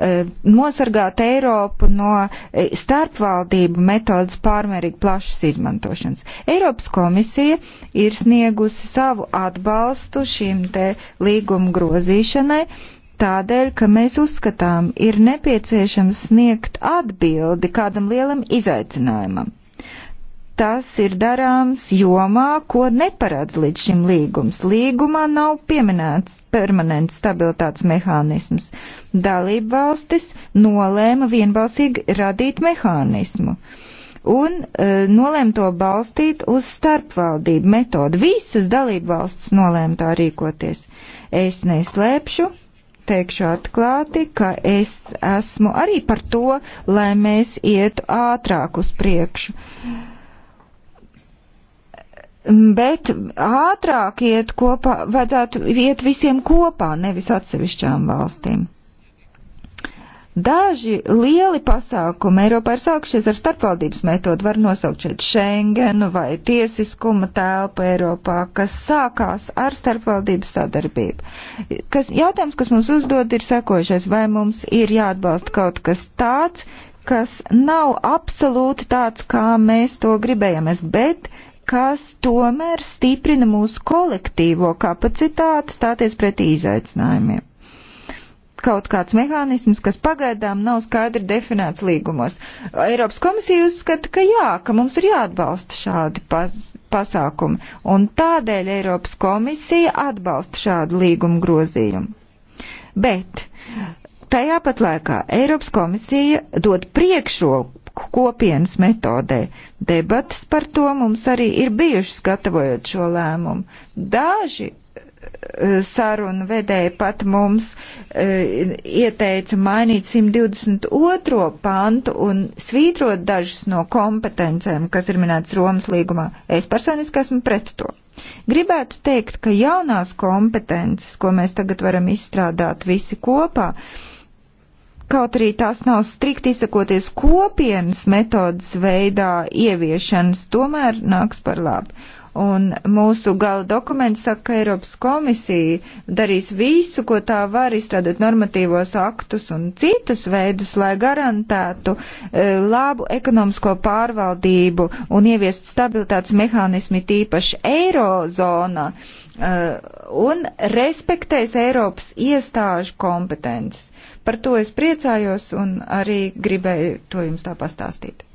eh, nosargāt Eiropu no e, starpvaldību metodas pārmērīgi plašas izmantošanas. Eiropas komisija ir sniegusi savu atbalstu šim te līgumu grozīšanai Tādēļ, ka mēs uzskatām, ir nepieciešams sniegt atbildi kādam lielam izaicinājumam. Tas ir darāms jomā, ko neparādz līdz šim līgums. Līgumā nav pieminēts permanents stabilitātes mehānisms. Dalība valstis nolēma vienbalsīgi radīt mehānismu un e, nolēma to balstīt uz starpvaldību metodu. Visas dalībvalstis nolēma tā rīkoties. Es neslēpšu, teikšu atklāti, ka es esmu arī par to, lai mēs ietu ātrāk uz priekšu. Bet ātrāk iet kopā, vajadzētu iet visiem kopā, nevis atsevišķām valstīm. Daži lieli pasākumi Eiropā ir sākušies ar starpvaldības metodu, var nosaukt šeit Schengenu vai tiesiskuma telpu Eiropā, kas sākās ar starpvaldības sadarbību. Kas, jautājums, kas mums uzdod, ir sekošais, vai mums ir jāatbalsta kaut kas tāds, kas nav absolūti tāds, kā mēs to gribējamies, bet kas tomēr stiprina mūsu kolektīvo kapacitāti stāties pret izaicinājumiem kaut kāds mehānisms, kas pagaidām nav skaidri definēts līgumos. Eiropas komisija uzskata, ka jā, ka mums ir jāatbalsta šādi pas pasākumi, un tādēļ Eiropas komisija atbalsta šādu līgumu grozījumu. Bet tajā pat laikā Eiropas komisija dod priekšroku kopienas metodē. Debatas par to mums arī ir bijušas gatavojot šo lēmumu. Daži sarunu vedēja pat mums e, ieteica mainīt 122. pantu un svītrot dažas no kompetencēm, kas ir minētas Romas līgumā. Es personiski esmu pret to. Gribētu teikt, ka jaunās kompetences, ko mēs tagad varam izstrādāt visi kopā, kaut arī tās nav strikt izsakoties kopienas metodas veidā ieviešanas, tomēr nāks par labu Un mūsu gala dokuments saka, ka Eiropas komisija darīs visu, ko tā var, izstrādāt normatīvos aktus un citus veidus, lai garantētu e, labu ekonomisko pārvaldību un ieviest stabilitātes mehānismi tīpaši eirozonā e, un respektēs Eiropas iestāžu kompetences. Par to es priecājos un arī gribēju to jums tā pastāstīt.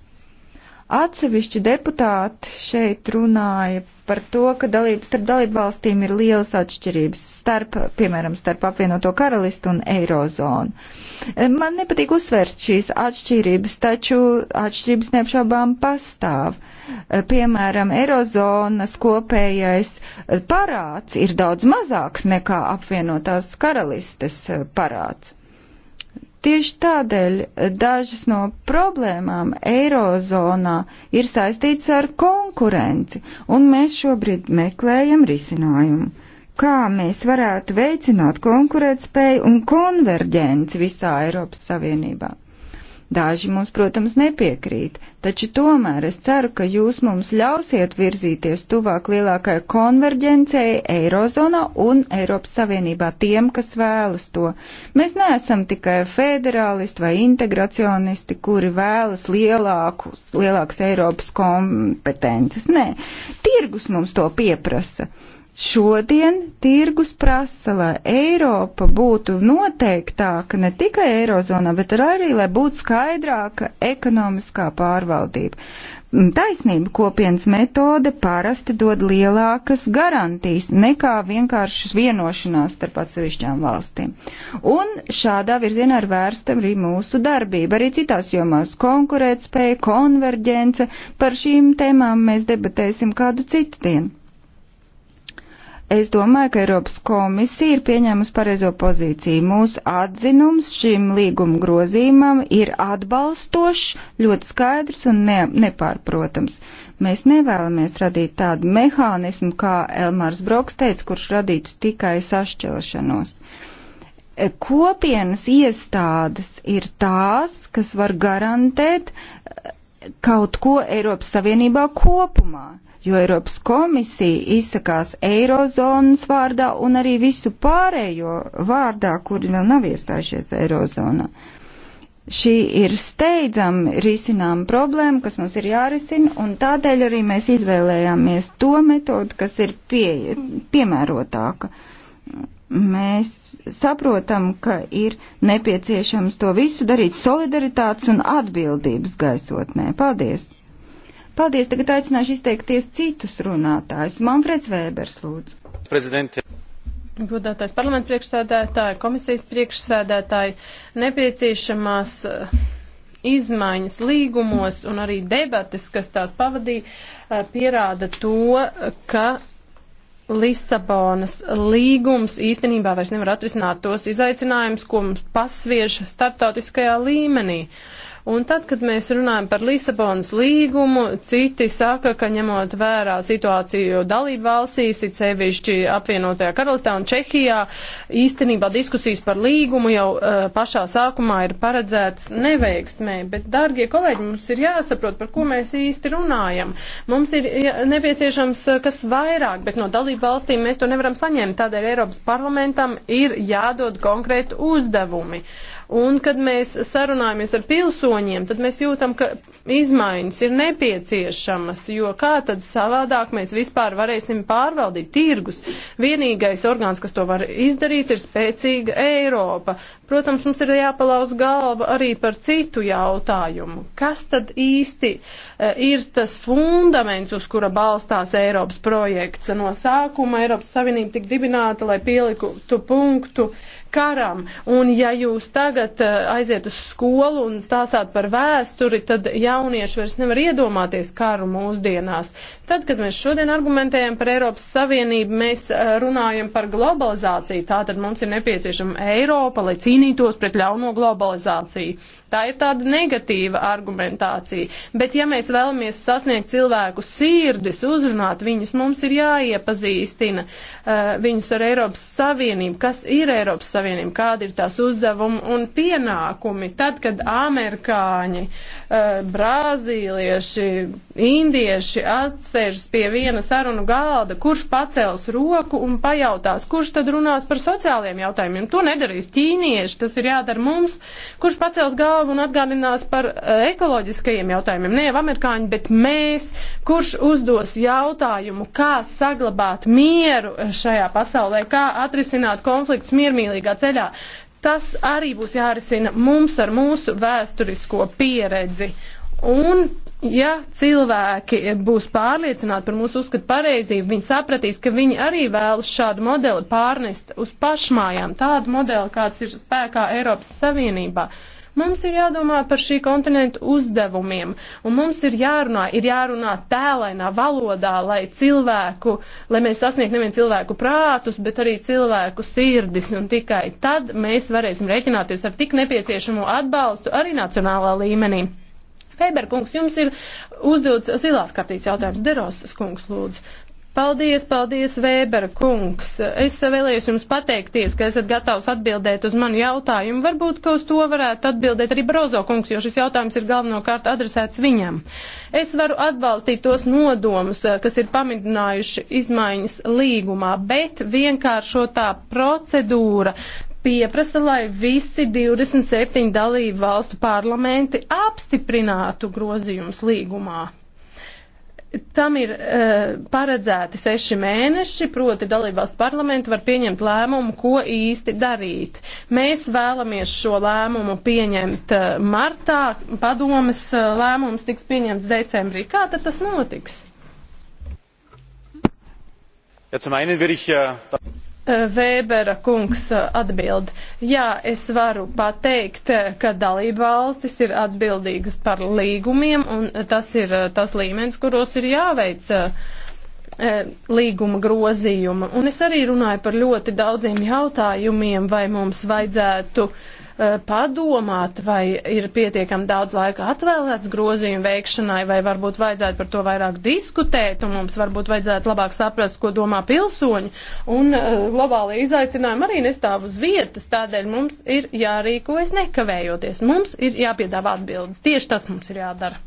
Atsevišķi deputāti šeit runāja par to, ka dalība, starp dalību valstīm ir lielas atšķirības starp, piemēram, starp apvienoto karalistu un eirozonu. Man nepatīk uzsvērt šīs atšķirības, taču atšķirības neapšaubām pastāv. Piemēram, eirozonas kopējais parāds ir daudz mazāks nekā apvienotās karalistes parāds. Tieši tādēļ dažas no problēmām Eirozonā ir saistītas ar konkurenci, un mēs šobrīd meklējam risinājumu. Kā mēs varētu veicināt konkurētspēju un konverģenci visā Eiropas Savienībā? Daži mums, protams, nepiekrīt, taču tomēr es ceru, ka jūs mums ļausiet virzīties tuvāk lielākai konverģencei Eirozonā un Eiropas Savienībā tiem, kas vēlas to. Mēs neesam tikai federālisti vai integracionisti, kuri vēlas lielākus, lielākas Eiropas kompetences. Nē, tirgus mums to pieprasa. Šodien tirgus prasa, lai Eiropa būtu noteiktāka ne tikai Eirozonā, bet arī, lai būtu skaidrāka ekonomiskā pārvaldība. Mm, taisnība kopienas metode parasti dod lielākas garantijas nekā vienkārši vienošanās starp atsevišķām valstīm. Un šādā virzienā ir vērsta arī mūsu darbība, arī citās jomās - konkurētspēja, konverģence. Par šīm tēmām mēs debatēsim kādu citu dienu. Es domāju, ka Eiropas komisija ir pieņēmusi pareizo pozīciju. Mūsu atzinums šim līguma grozījumam ir atbalstošs, ļoti skaidrs un ne, nepārprotams. Mēs nevēlamies radīt tādu mehānismu, kā Elmārs Broks teica, kurš radītu tikai sašķelšanos kopienas iestādes ir tās, kas var garantēt eh, kaut ko Eiropas Savienībā kopumā jo Eiropas komisija izsakās eirozonas vārdā un arī visu pārējo vārdā, kuri vēl nav iestājušies eirozonā. Šī ir steidzami risinām problēma, kas mums ir jārisina, un tādēļ arī mēs izvēlējāmies to metodu, kas ir pie, piemērotāka. Mēs saprotam, ka ir nepieciešams to visu darīt solidaritātes un atbildības gaisotnē. Paldies! Paldies, tagad aicināšu izteikties citus runātājus. Manfreds Vēbers, lūdzu. Prezidente. Godātais parlamenta priekšsēdētāji, komisijas priekšsēdētāji, nepieciešamās eh, izmaiņas līgumos un arī debates, kas tās pavadīja, eh, pierāda to, ka Lisabonas līgums īstenībā vairs nevar atrisināt tos izaicinājumus, ko mums pasviež starptautiskajā līmenī. Uh, Un tad, kad mēs runājam par Lisabonas līgumu, citi saka, ka ņemot vērā situāciju dalību valstīs, it sevišķi apvienotajā karalistā un Čehijā, īstenībā diskusijas par līgumu jau uh, pašā sākumā ir paredzētas neveiksmē. Bet, dārgie kolēģi, mums ir jāsaprot, par ko mēs īsti runājam. Mums ir nepieciešams eh, kas vairāk, bet no dalību valstīm mēs to nevaram saņemt. Tādēļ Eiropas parlamentam ir jādod konkrēti uzdevumi. Uh, Un, kad mēs sarunājamies ar pilsoņiem, tad mēs jūtam, ka izmaiņas ir nepieciešamas, jo kā tad savādāk mēs vispār varēsim pārvaldīt tirgus. Vienīgais orgāns, kas to var izdarīt, ir spēcīga Eiropa. Protams, mums ir jāpalauz galva arī par citu jautājumu. Kas tad īsti e, ir tas fundaments, uz kura balstās Eiropas projekts? No sākuma Eiropas Savienība tika dibināta, lai pieliktu punktu karam. Un ja jūs tagad e, aiziet uz skolu un stāstāt par vēsturi, tad jaunieši vairs nevar iedomāties karu mūsdienās. Tad, kad mēs šodien argumentējam par Eiropas Savienību, mēs e, runājam par globalizāciju. Tātad mums ir nepieciešama Eiropa, lai cīnītos cīnītos pret ļauno globalizāciju. Tā ir tāda negatīva argumentācija. Bet ja mēs vēlamies sasniegt cilvēku sirdis, uzrunāt viņus, mums ir jāiepazīstina uh, viņus ar Eiropas Savienību, kas ir Eiropas Savienība, kāda ir tās uzdevumi un pienākumi. Tad, kad amerikāņi, uh, brāzīlieši, indieši atsēžas pie viena sarunu galda, kurš pacels roku un pajautās, kurš tad runās par sociālajiem jautājumiem. To nedarīs ķīnieši, tas ir jādara mums, kurš pacels galdu galvu un atgādinās par eh, ekoloģiskajiem jautājumiem. Ne jau amerikāņi, bet mēs, kurš uzdos jautājumu, kā saglabāt mieru šajā pasaulē, kā atrisināt konflikts miermīlīgā ceļā. Tas arī būs jārisina mums ar mūsu vēsturisko pieredzi. Un ja cilvēki būs pārliecināti par mūsu uzskatu pareizību, viņi sapratīs, ka viņi arī vēlas šādu modeli pārnest uz pašmājām, tādu modeli, kāds ir spēkā Eiropas Savienībā. Uh, Mums ir jādomā par šī kontinenta uzdevumiem, un mums ir jārunā, ir jārunā tēlainā valodā, lai cilvēku, lai mēs sasniegtu nevien cilvēku prātus, bet arī cilvēku sirdis, un tikai tad mēs varēsim rēķināties ar tik nepieciešamo atbalstu arī nacionālā līmenī. Feiberkungs, jums ir uzdots zilās kartītes jautājums. Derosas kungs, lūdzu. Paldies, paldies, Vēbera kungs. Es vēlējos jums pateikties, ka esat gatavs atbildēt uz manu jautājumu. Varbūt, ka uz to varētu atbildēt arī Brozo kungs, jo šis jautājums ir galvenokārt adresēts viņam. Es varu atbalstīt tos nodomus, kas ir pamidinājuši izmaiņas līgumā, bet vienkāršotā procedūra, pieprasa, lai visi 27 dalību valstu parlamenti apstiprinātu grozījumus līgumā. Tam ir uh, paredzēti seši mēneši, proti dalībvalstu parlamentu var pieņemt lēmumu, ko īsti darīt. Mēs vēlamies šo lēmumu pieņemt uh, martā, padomas uh, eh, lēmums tiks pieņemts decembrī. Kā tad tas notiks? Ja, zum einen würde ich, uh, Eh, Vēbera kungs eh, atbild. Jā, es varu pateikt, eh, ka dalība valstis ir atbildīgas par līgumiem, un tas ir tas līmenis, kuros ir jāveic līguma grozījuma. Un es arī runāju par ļoti daudziem jautājumiem, vai mums vajadzētu uh, Eh, padomāt, vai ir pietiekami daudz laika atvēlēts grozījumu veikšanai, vai varbūt vajadzētu par to vairāk diskutēt, un mums varbūt vajadzētu labāk saprast, ko domā pilsoņi. Un eh, globālie izaicinājumi arī nestāv uz vietas, tādēļ mums ir jārīkojas nekavējoties. Mums ir jāpiedāvā atbildes. Tieši tas mums ir jādara.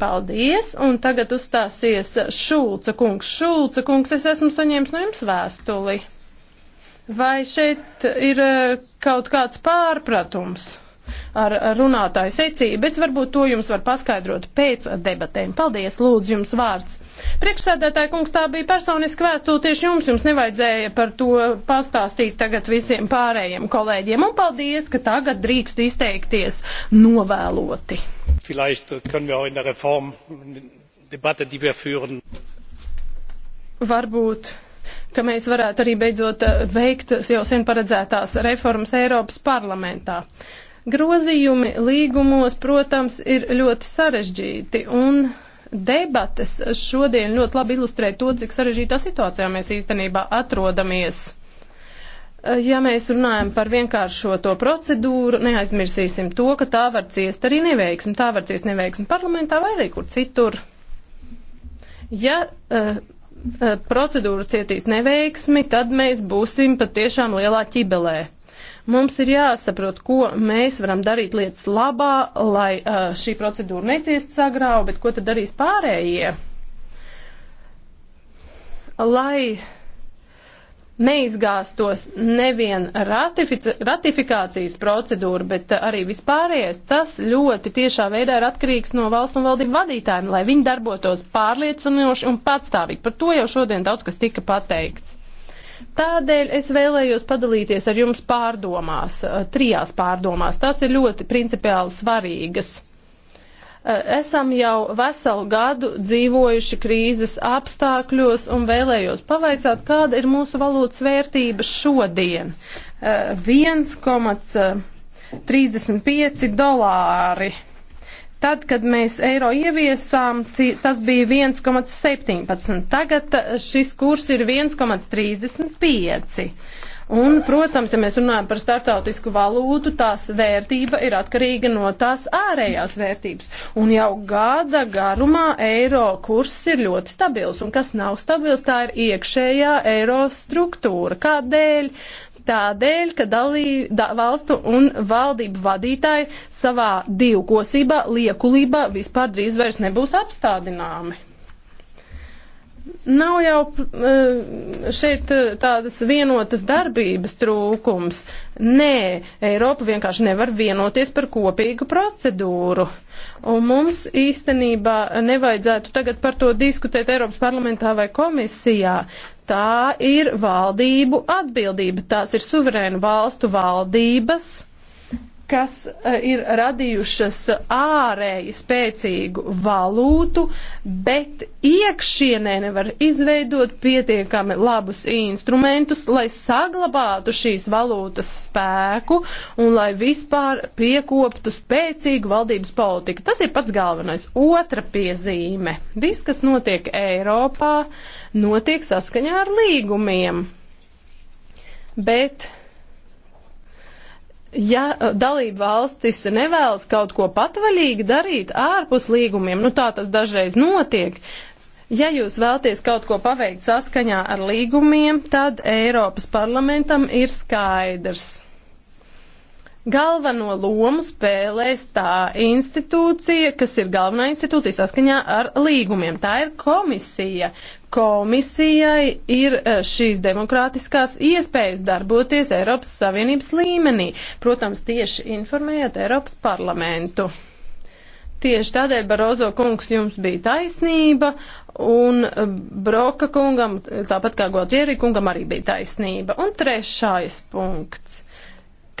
Paldies, un tagad uzstāsies Šulca kungs. Šulca kungs, es esmu saņēmis no jums vēstuli. Vai šeit ir e, kaut kāds pārpratums ar runātāju secību? Es varbūt to jums var paskaidrot pēc debatēm. Paldies, lūdzu, jums vārds. Priekšsēdētāja kungs, tā bija personiski vēstule tieši jums. Jums nevajadzēja par to pastāstīt tagad visiem pārējiem kolēģiem. Un paldies, ka tagad drīkst izteikties novēloti. Vielleicht können wir auch in der Reform Debatte, die wir führen. Varbūt ka mēs varētu arī beidzot eh, veikt jau sen paredzētās reformas Eiropas parlamentā. Grozījumi līgumos, protams, ir ļoti sarežģīti, un debates šodien ļoti labi ilustrē to, cik sarežģītā situācijā mēs īstenībā atrodamies. Eh, ja mēs runājam par vienkāršo to procedūru, neaizmirsīsim to, ka tā var ciest arī neveiksmi, tā var ciest neveiksmi parlamentā vai arī kur citur. Ja uh, Eh, procedūra cietīs neveiksmi, tad mēs būsim patiešām lielā ķibelē. Mums ir jāsaprot, ko mēs varam darīt lietas labā, lai eh, šī procedūra neciest sagrāvu, bet ko tad darīs pārējie. Lai neizgāstos nevien ratifikācijas procedūra, bet arī vispārējais, tas ļoti tiešā veidā ir atkarīgs no valsts un valdību vadītājiem, lai viņi darbotos pārliecinoši un patstāvīgi. Par to jau šodien daudz kas tika pateikts. Tādēļ es vēlējos padalīties ar jums pārdomās, trijās pārdomās. Tas ir ļoti principiāli svarīgas. Eh, esam jau veselu gadu dzīvojuši krīzes apstākļos un vēlējos pavaicāt, kāda ir mūsu valūtas vērtība šodien. 1,35 eh, eh, dolāri. Tad, kad mēs eiro ieviesām, tas bija 1,17. Tagad šis kurs ir 1,35. Un, protams, ja mēs runājam par startautisku valūtu, tās vērtība ir atkarīga no tās ārējās vērtības. Un jau gada garumā eiro kurss ir ļoti stabils. Un kas nav stabils, tā ir iekšējā eiro struktūra. Kādēļ? tādēļ, ka dalī, da, valstu un valdību vadītāji savā divkosībā, liekulībā vispār drīz vairs nebūs apstādināmi. Nav jau eh, šeit eh, tādas vienotas darbības trūkums. Nē, Eiropa vienkārši nevar vienoties par kopīgu procedūru. Un mums īstenībā nevajadzētu tagad par to diskutēt Eiropas parlamentā vai komisijā. Tā ir valdību atbildība. Tās ir suverēnu valstu valdības kas eh, ir radījušas ārēji spēcīgu valūtu, bet iekšienē nevar izveidot pietiekami labus instrumentus, lai saglabātu šīs valūtas spēku un lai vispār piekoptu spēcīgu valdības politiku. Tas ir pats galvenais. Otra piezīme. Viss, kas notiek Eiropā, notiek saskaņā ar līgumiem. Bet ja e, dalība valstis nevēlas kaut ko patvaļīgi darīt ārpus līgumiem, nu tā tas dažreiz notiek. Ja jūs vēlties kaut ko paveikt saskaņā ar līgumiem, tad Eiropas parlamentam ir skaidrs Galveno lomu spēlēs tā institūcija, kas ir galvenā institūcija saskaņā ar līgumiem. Tā ir komisija. Komisijai ir eh, šīs demokrātiskās iespējas darboties Eiropas Savienības līmenī, protams, tieši informējot Eiropas parlamentu. Tieši tādēļ Barozo kungs jums bija taisnība, un eh, Broka kungam, tāpat kā Gautieri kungam, arī bija taisnība. Un trešais punkts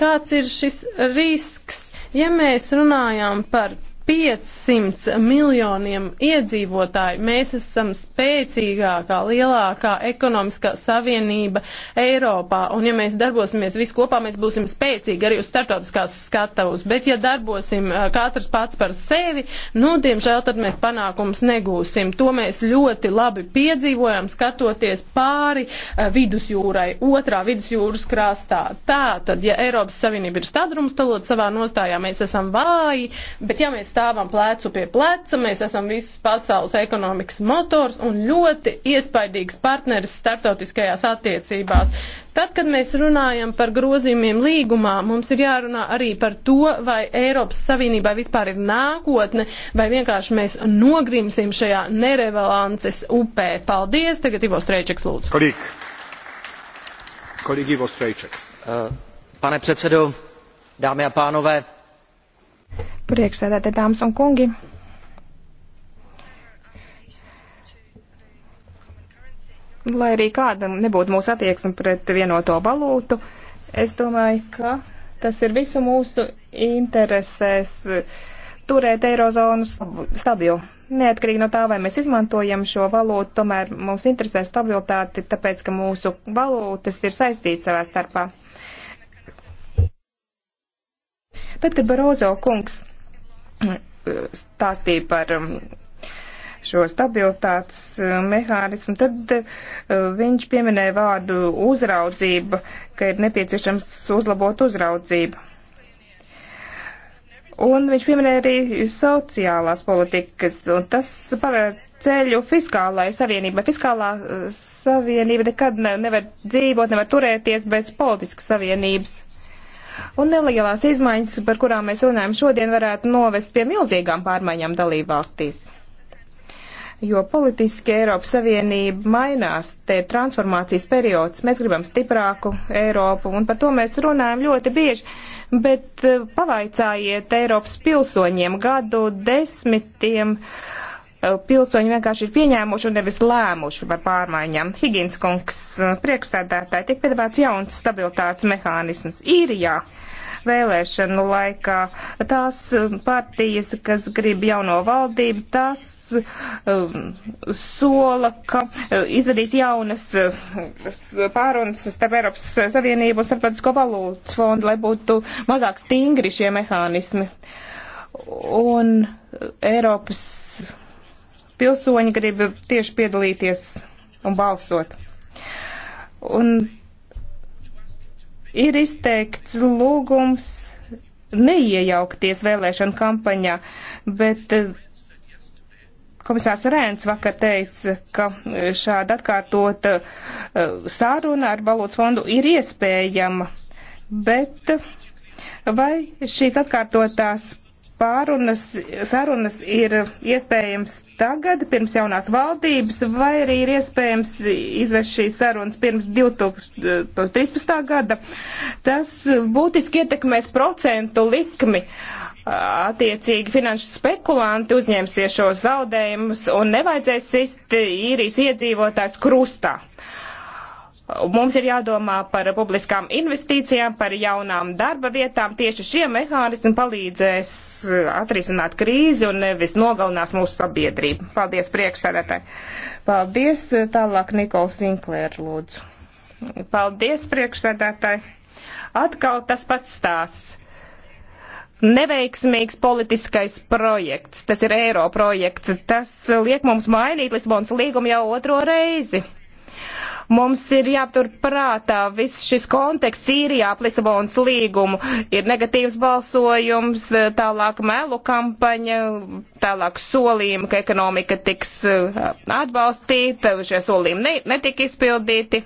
Kāds ir šis risks? Ja mēs runājam par 500 miljoniem iedzīvotāju. Mēs esam spēcīgākā, lielākā ekonomiskā savienība Eiropā, un ja mēs darbosimies visi kopā, mēs būsim spēcīgi arī uz startautiskās skatavus, bet ja darbosim eh, katrs pats par sevi, nu, diemžēl tad mēs panākums negūsim. To mēs ļoti labi piedzīvojam, skatoties pāri eh, vidusjūrai, otrā vidusjūras krastā. Tā tad, ja Eiropas Savienība ir stadrums, talot savā nostājā, mēs esam vāji, bet ja mēs stāvam plecu pie pleca, mēs esam visas pasaules ekonomikas motors un ļoti iespaidīgs partneris starptautiskajās attiecībās. Tad, kad mēs runājam par grozījumiem līgumā, mums ir jārunā arī par to, vai Eiropas Savienībā vispār ir nākotne, vai vienkārši mēs nogrimsim šajā nerevalances upē. Paldies! Tagad Ivo Strēčeks lūdzu. Kolīgi. Kolīgi Ivo Strēček. Uh, eh, pane předsedo, dámy a pánové, Priekšsēdētāji, dāmas un kungi. Lai arī kādam nebūtu mūsu attieksme pret vienoto valūtu, es domāju, ka tas ir visu mūsu interesēs turēt eirozonu stabilu. Neatkarīgi no tā, vai mēs izmantojam šo valūtu, tomēr mums interesē stabilitāti, tāpēc, ka mūsu valūtas ir saistītas savā starpā. Tad, kad Barozo kungs mm, stāstīja par mm, šo stabilitātes mm, mehānismu, tad viņš pieminēja vārdu uzraudzība, ka ir nepieciešams uzlabot uzraudzību. Un viņš pieminēja arī sociālās politikas, un tas pavēr ceļu fiskālai savienībai. Fiskālā savienība nekad nevar dzīvot, nevar turēties bez politiskas savienības. Un nelielās izmaiņas, par kurām mēs runājam šodien, varētu novest pie milzīgām pārmaiņām dalībvalstīs. Jo politiski Eiropas Savienība mainās, te ir transformācijas periods, mēs gribam stiprāku Eiropu, un par to mēs runājam ļoti bieži, bet eh, pavaicājiet Eiropas pilsoņiem gadu desmitiem. Uh, Eh, pilsoņi vienkārši ir pieņēmuši un nevis lēmuši par pārmaiņām. Higins kungs eh, priekšsēdētāji tiek piedāvāts jauns stabilitātes mehānisms īrijā vēlēšanu laikā. Tās eh, partijas, kas grib jauno valdību, tās sola, ka izvedīs jaunas pārunas starp Eiropas Savienību un starptautisko valūtas fondu, lai būtu mazāk stingri šie mehānismi. Un Eiropas pilsoņi grib tieši piedalīties un balsot. Un ir izteikts lūgums neiejaukties vēlēšanu kampaņā, bet eh, komisārs Rēns vakar teica, ka eh, šāda atkārtota eh, sāruna ar valūtas fondu ir iespējama, bet vai šīs atkārtotās pārunas, sarunas ir iespējams tagad, pirms jaunās valdības, vai arī ir iespējams izvest šīs sarunas pirms 2013. gada. Tas būtiski ietekmēs procentu likmi. Attiecīgi finanšu spekulanti uzņemsies šos zaudējumus un nevajadzēs sist īrijas iedzīvotājs krustā. Uh, Mums ir jādomā par publiskām investīcijām, par jaunām darba vietām. Tieši šie mehānismi palīdzēs uh, atrisināt krīzi un nevis nogalinās mūsu sabiedrību. Paldies priekšsēdētāji. Paldies. Uh, tālāk Nikola Sinklēra lūdzu. Paldies priekšsēdētāji. Atkal tas pats stāsts. Neveiksmīgs politiskais projekts, tas ir eiro projekts, tas liek mums mainīt Lisbonas līgumu jau otro reizi. Mums ir jāaptur prātā viss šis konteksts Sīrijā ap Lisabonas līgumu. Ir negatīvs balsojums, tālāk melu kampaņa, tālāk solījumi, ka ekonomika tiks eh, atbalstīta, šie solījumi netika izpildīti.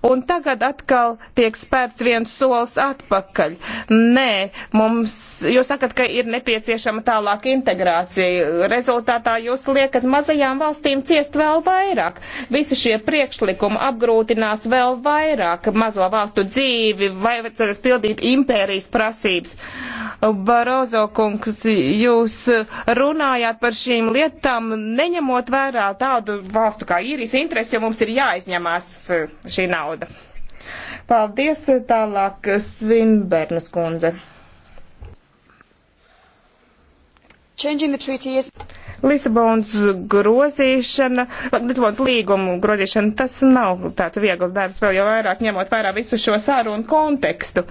Un tagad atkal tiek spērts viens solis atpakaļ. Nē, mums, jūs sakat, ka ir nepieciešama tālāka integrācija. Rezultātā jūs liekat mazajām valstīm ciest vēl vairāk. Visi šie priekšlikumi apgrūtinās vēl vairāk mazo valstu dzīvi, vai vajadzēs pildīt impērijas prasības. Barozo kungs, jūs runājāt par šīm lietām, neņemot vērā tādu valstu kā īrijas interesi, jo mums ir jāizņemās šī nauda. Paldies tālāk Svinbernas kundze. Is... Lisabonas grozīšana, Lisabonas līgumu grozīšana, tas nav tāds viegls darbs, vēl jau vairāk ņemot vairāk visu šo sārunu kontekstu.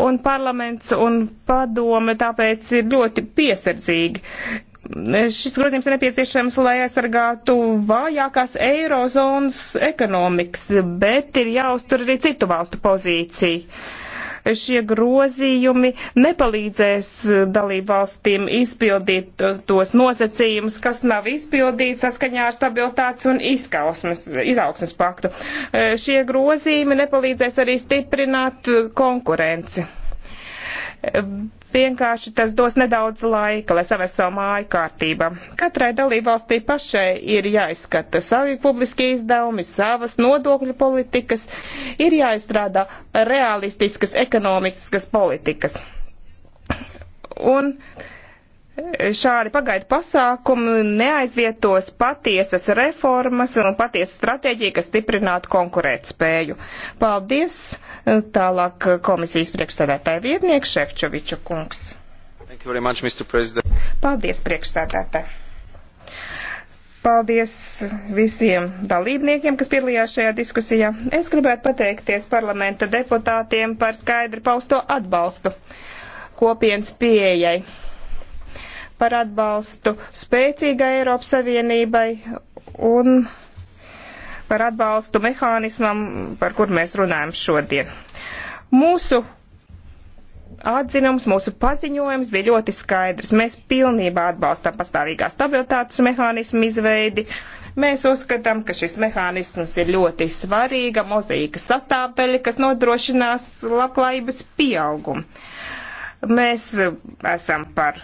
Un parlaments un padome tāpēc ir ļoti piesardzīgi Šis grozījums ir nepieciešams, lai aizsargātu vājākās eirozonas ekonomikas, bet ir jāuztur arī citu valstu pozīciju. Šie grozījumi nepalīdzēs dalību valstīm izpildīt tos nosacījumus, kas nav izpildīti saskaņā ar stabilitātes un izkausmes, izaugsmes paktu. Šie grozījumi nepalīdzēs arī stiprināt konkurenci vienkārši tas dos nedaudz laika, lai savas savu māju kārtībā. Katrai dalībvalstī pašai ir jāizskata savi publiskie izdevumi, savas nodokļu politikas, ir jāizstrādā realistiskas ekonomiskas politikas. Un šādi pagaidu pasākumi neaizvietos patiesas reformas un patiesas stratēģija, kas stiprinātu konkurētspēju. Paldies! Tālāk komisijas priekšstādātāja vietnieks Šefčoviča kungs. Much, Paldies, priekšstādātāji! Paldies visiem dalībniekiem, kas piedalījās šajā diskusijā. Es gribētu pateikties parlamenta deputātiem par skaidri pausto atbalstu kopienas pieejai par atbalstu spēcīgai Eiropas Savienībai un par atbalstu mehānismam, par kur mēs runājam šodien. Mūsu atzinums, mūsu paziņojums bija ļoti skaidrs. Mēs pilnībā atbalstam pastāvīgā stabilitātes mehānismu izveidi. Mēs uzskatām, ka šis mehānisms ir ļoti svarīga mozaīkas sastāvdaļa, kas nodrošinās labklājības pieaugumu. Mēs esam par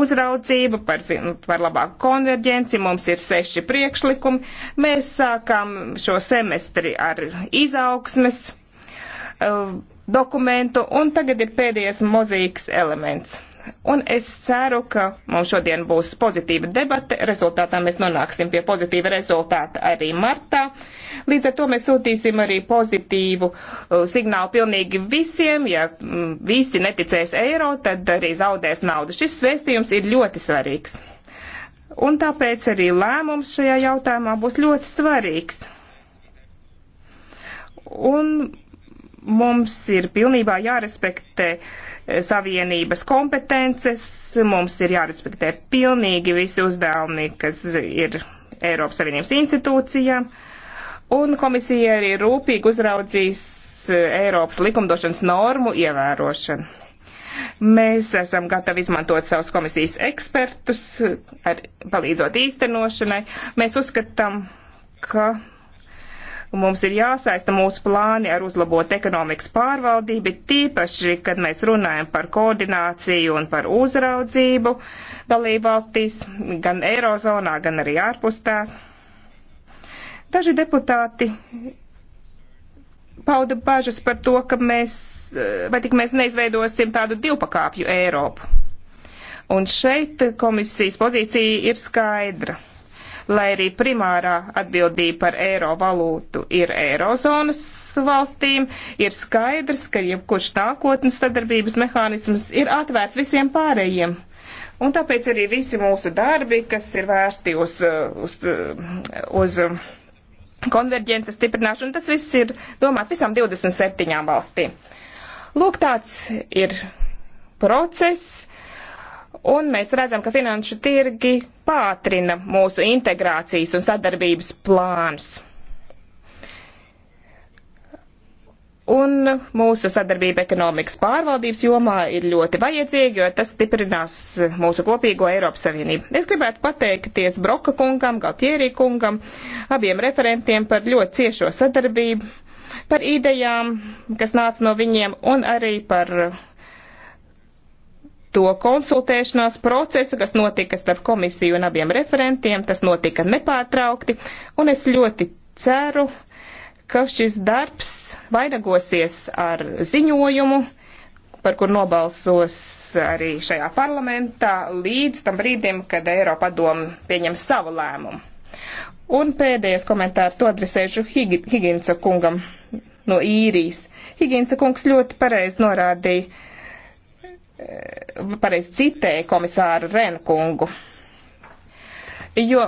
uzraudzību, par, par labāku konverģenci. Mums ir seši priekšlikumi. Mēs sākām šo semestri ar izaugsmes uh, dokumentu, un tagad ir pēdējais mozīgs elements. Un es ceru, ka mums šodien būs pozitīva debate. Rezultātā mēs nonāksim pie pozitīva rezultāta arī martā. Līdz ar to mēs sūtīsim arī pozitīvu uh, signālu pilnīgi visiem. Ja mm, visi neticēs eiro, tad arī zaudēs naudu. Šis svēstījums ir ļoti svarīgs. Un tāpēc arī lēmums šajā jautājumā būs ļoti svarīgs. Un mums ir pilnībā jārespektē uh, Savienības kompetences, mums ir jārespektē pilnīgi visi uzdevumi, kas ir Eiropas Savienības institūcijām, un komisija arī rūpīgi uzraudzīs Eiropas likumdošanas normu ievērošanu. Mēs esam gatavi izmantot savus komisijas ekspertus, ar, palīdzot īstenošanai. Mēs uzskatām, ka Mums ir jāsaista mūsu plāni ar uzlabot ekonomikas pārvaldību, tīpaši, kad mēs runājam par koordināciju un par uzraudzību dalībvalstīs, gan Eirozonā, gan arī ārpus tās. Daži deputāti pauda bažas par to, ka mēs, vai tik mēs neizveidosim tādu divpakāpju Eiropu. Un šeit komisijas pozīcija ir skaidra lai arī primārā atbildība par eiro valūtu ir eirozonas valstīm, ir skaidrs, ka jebkurš nākotnes sadarbības mehānisms ir atvērts visiem pārējiem. Un tāpēc arī visi mūsu darbi, kas ir vērsti uz, uz, uz konverģences stiprināšanu, tas viss ir domāts visām 27 valstīm. Lūk, tāds ir process, Un mēs redzam, ka finanšu tirgi pātrina mūsu integrācijas un sadarbības plānus. Un mūsu sadarbība ekonomikas pārvaldības jomā ir ļoti vajadzīga, jo tas stiprinās mūsu kopīgo Eiropas Savienību. Es gribētu pateikties Broka kungam, Galtierī kungam, abiem referentiem par ļoti ciešo sadarbību, par idejām, kas nāca no viņiem, un arī par to konsultēšanās procesa, kas notika starp komisiju un abiem referentiem. Tas notika nepārtraukti, un es ļoti ceru, ka šis darbs vainagosies ar ziņojumu, par kur nobalsos arī šajā parlamentā līdz tam brīdim, kad Eiropa doma pieņem savu lēmumu. Un pēdējais komentārs to adresēšu Higinsa kungam no īrijas. Higinsa kungs ļoti pareizi norādīja, Eh, pareizi citēja komisāru Renkungu, jo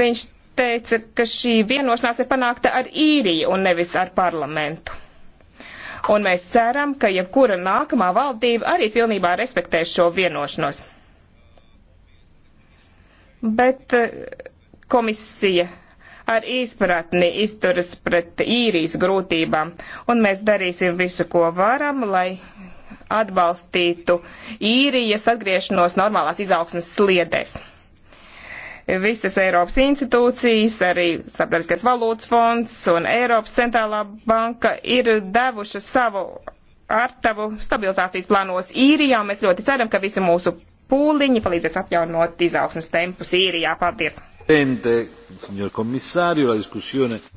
viņš teica, ka šī vienošanās ir panākta ar īriju un nevis ar parlamentu. Un mēs ceram, ka jebkura nākamā valdība arī pilnībā respektēs šo vienošanos. Bet eh, komisija ar izpratni izturas pret īrijas grūtībām, un mēs darīsim visu, ko varam, lai atbalstītu īrijas atgriešanos normālās izaugsmes sliedēs. Visas Eiropas institūcijas, arī Sabiedriskais valūtas fonds un Eiropas centrālā banka ir devušas savu artavu stabilizācijas plānos īrijā. Mēs ļoti ceram, ka visi mūsu pūliņi palīdzēs atjaunot izaugsmes tempus īrijā. Paldies!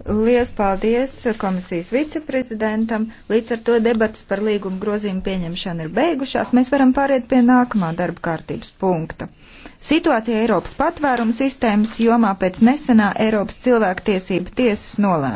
Lielas paldies komisijas viceprezidentam. Līdz ar to debatas par līgumu grozījumu pieņemšanu ir beigušās. Mēs varam pāriet pie nākamā darba kārtības punkta. Situācija Eiropas patvērumu sistēmas jomā pēc nesenā Eiropas cilvēktiesība tiesas nolēmuma.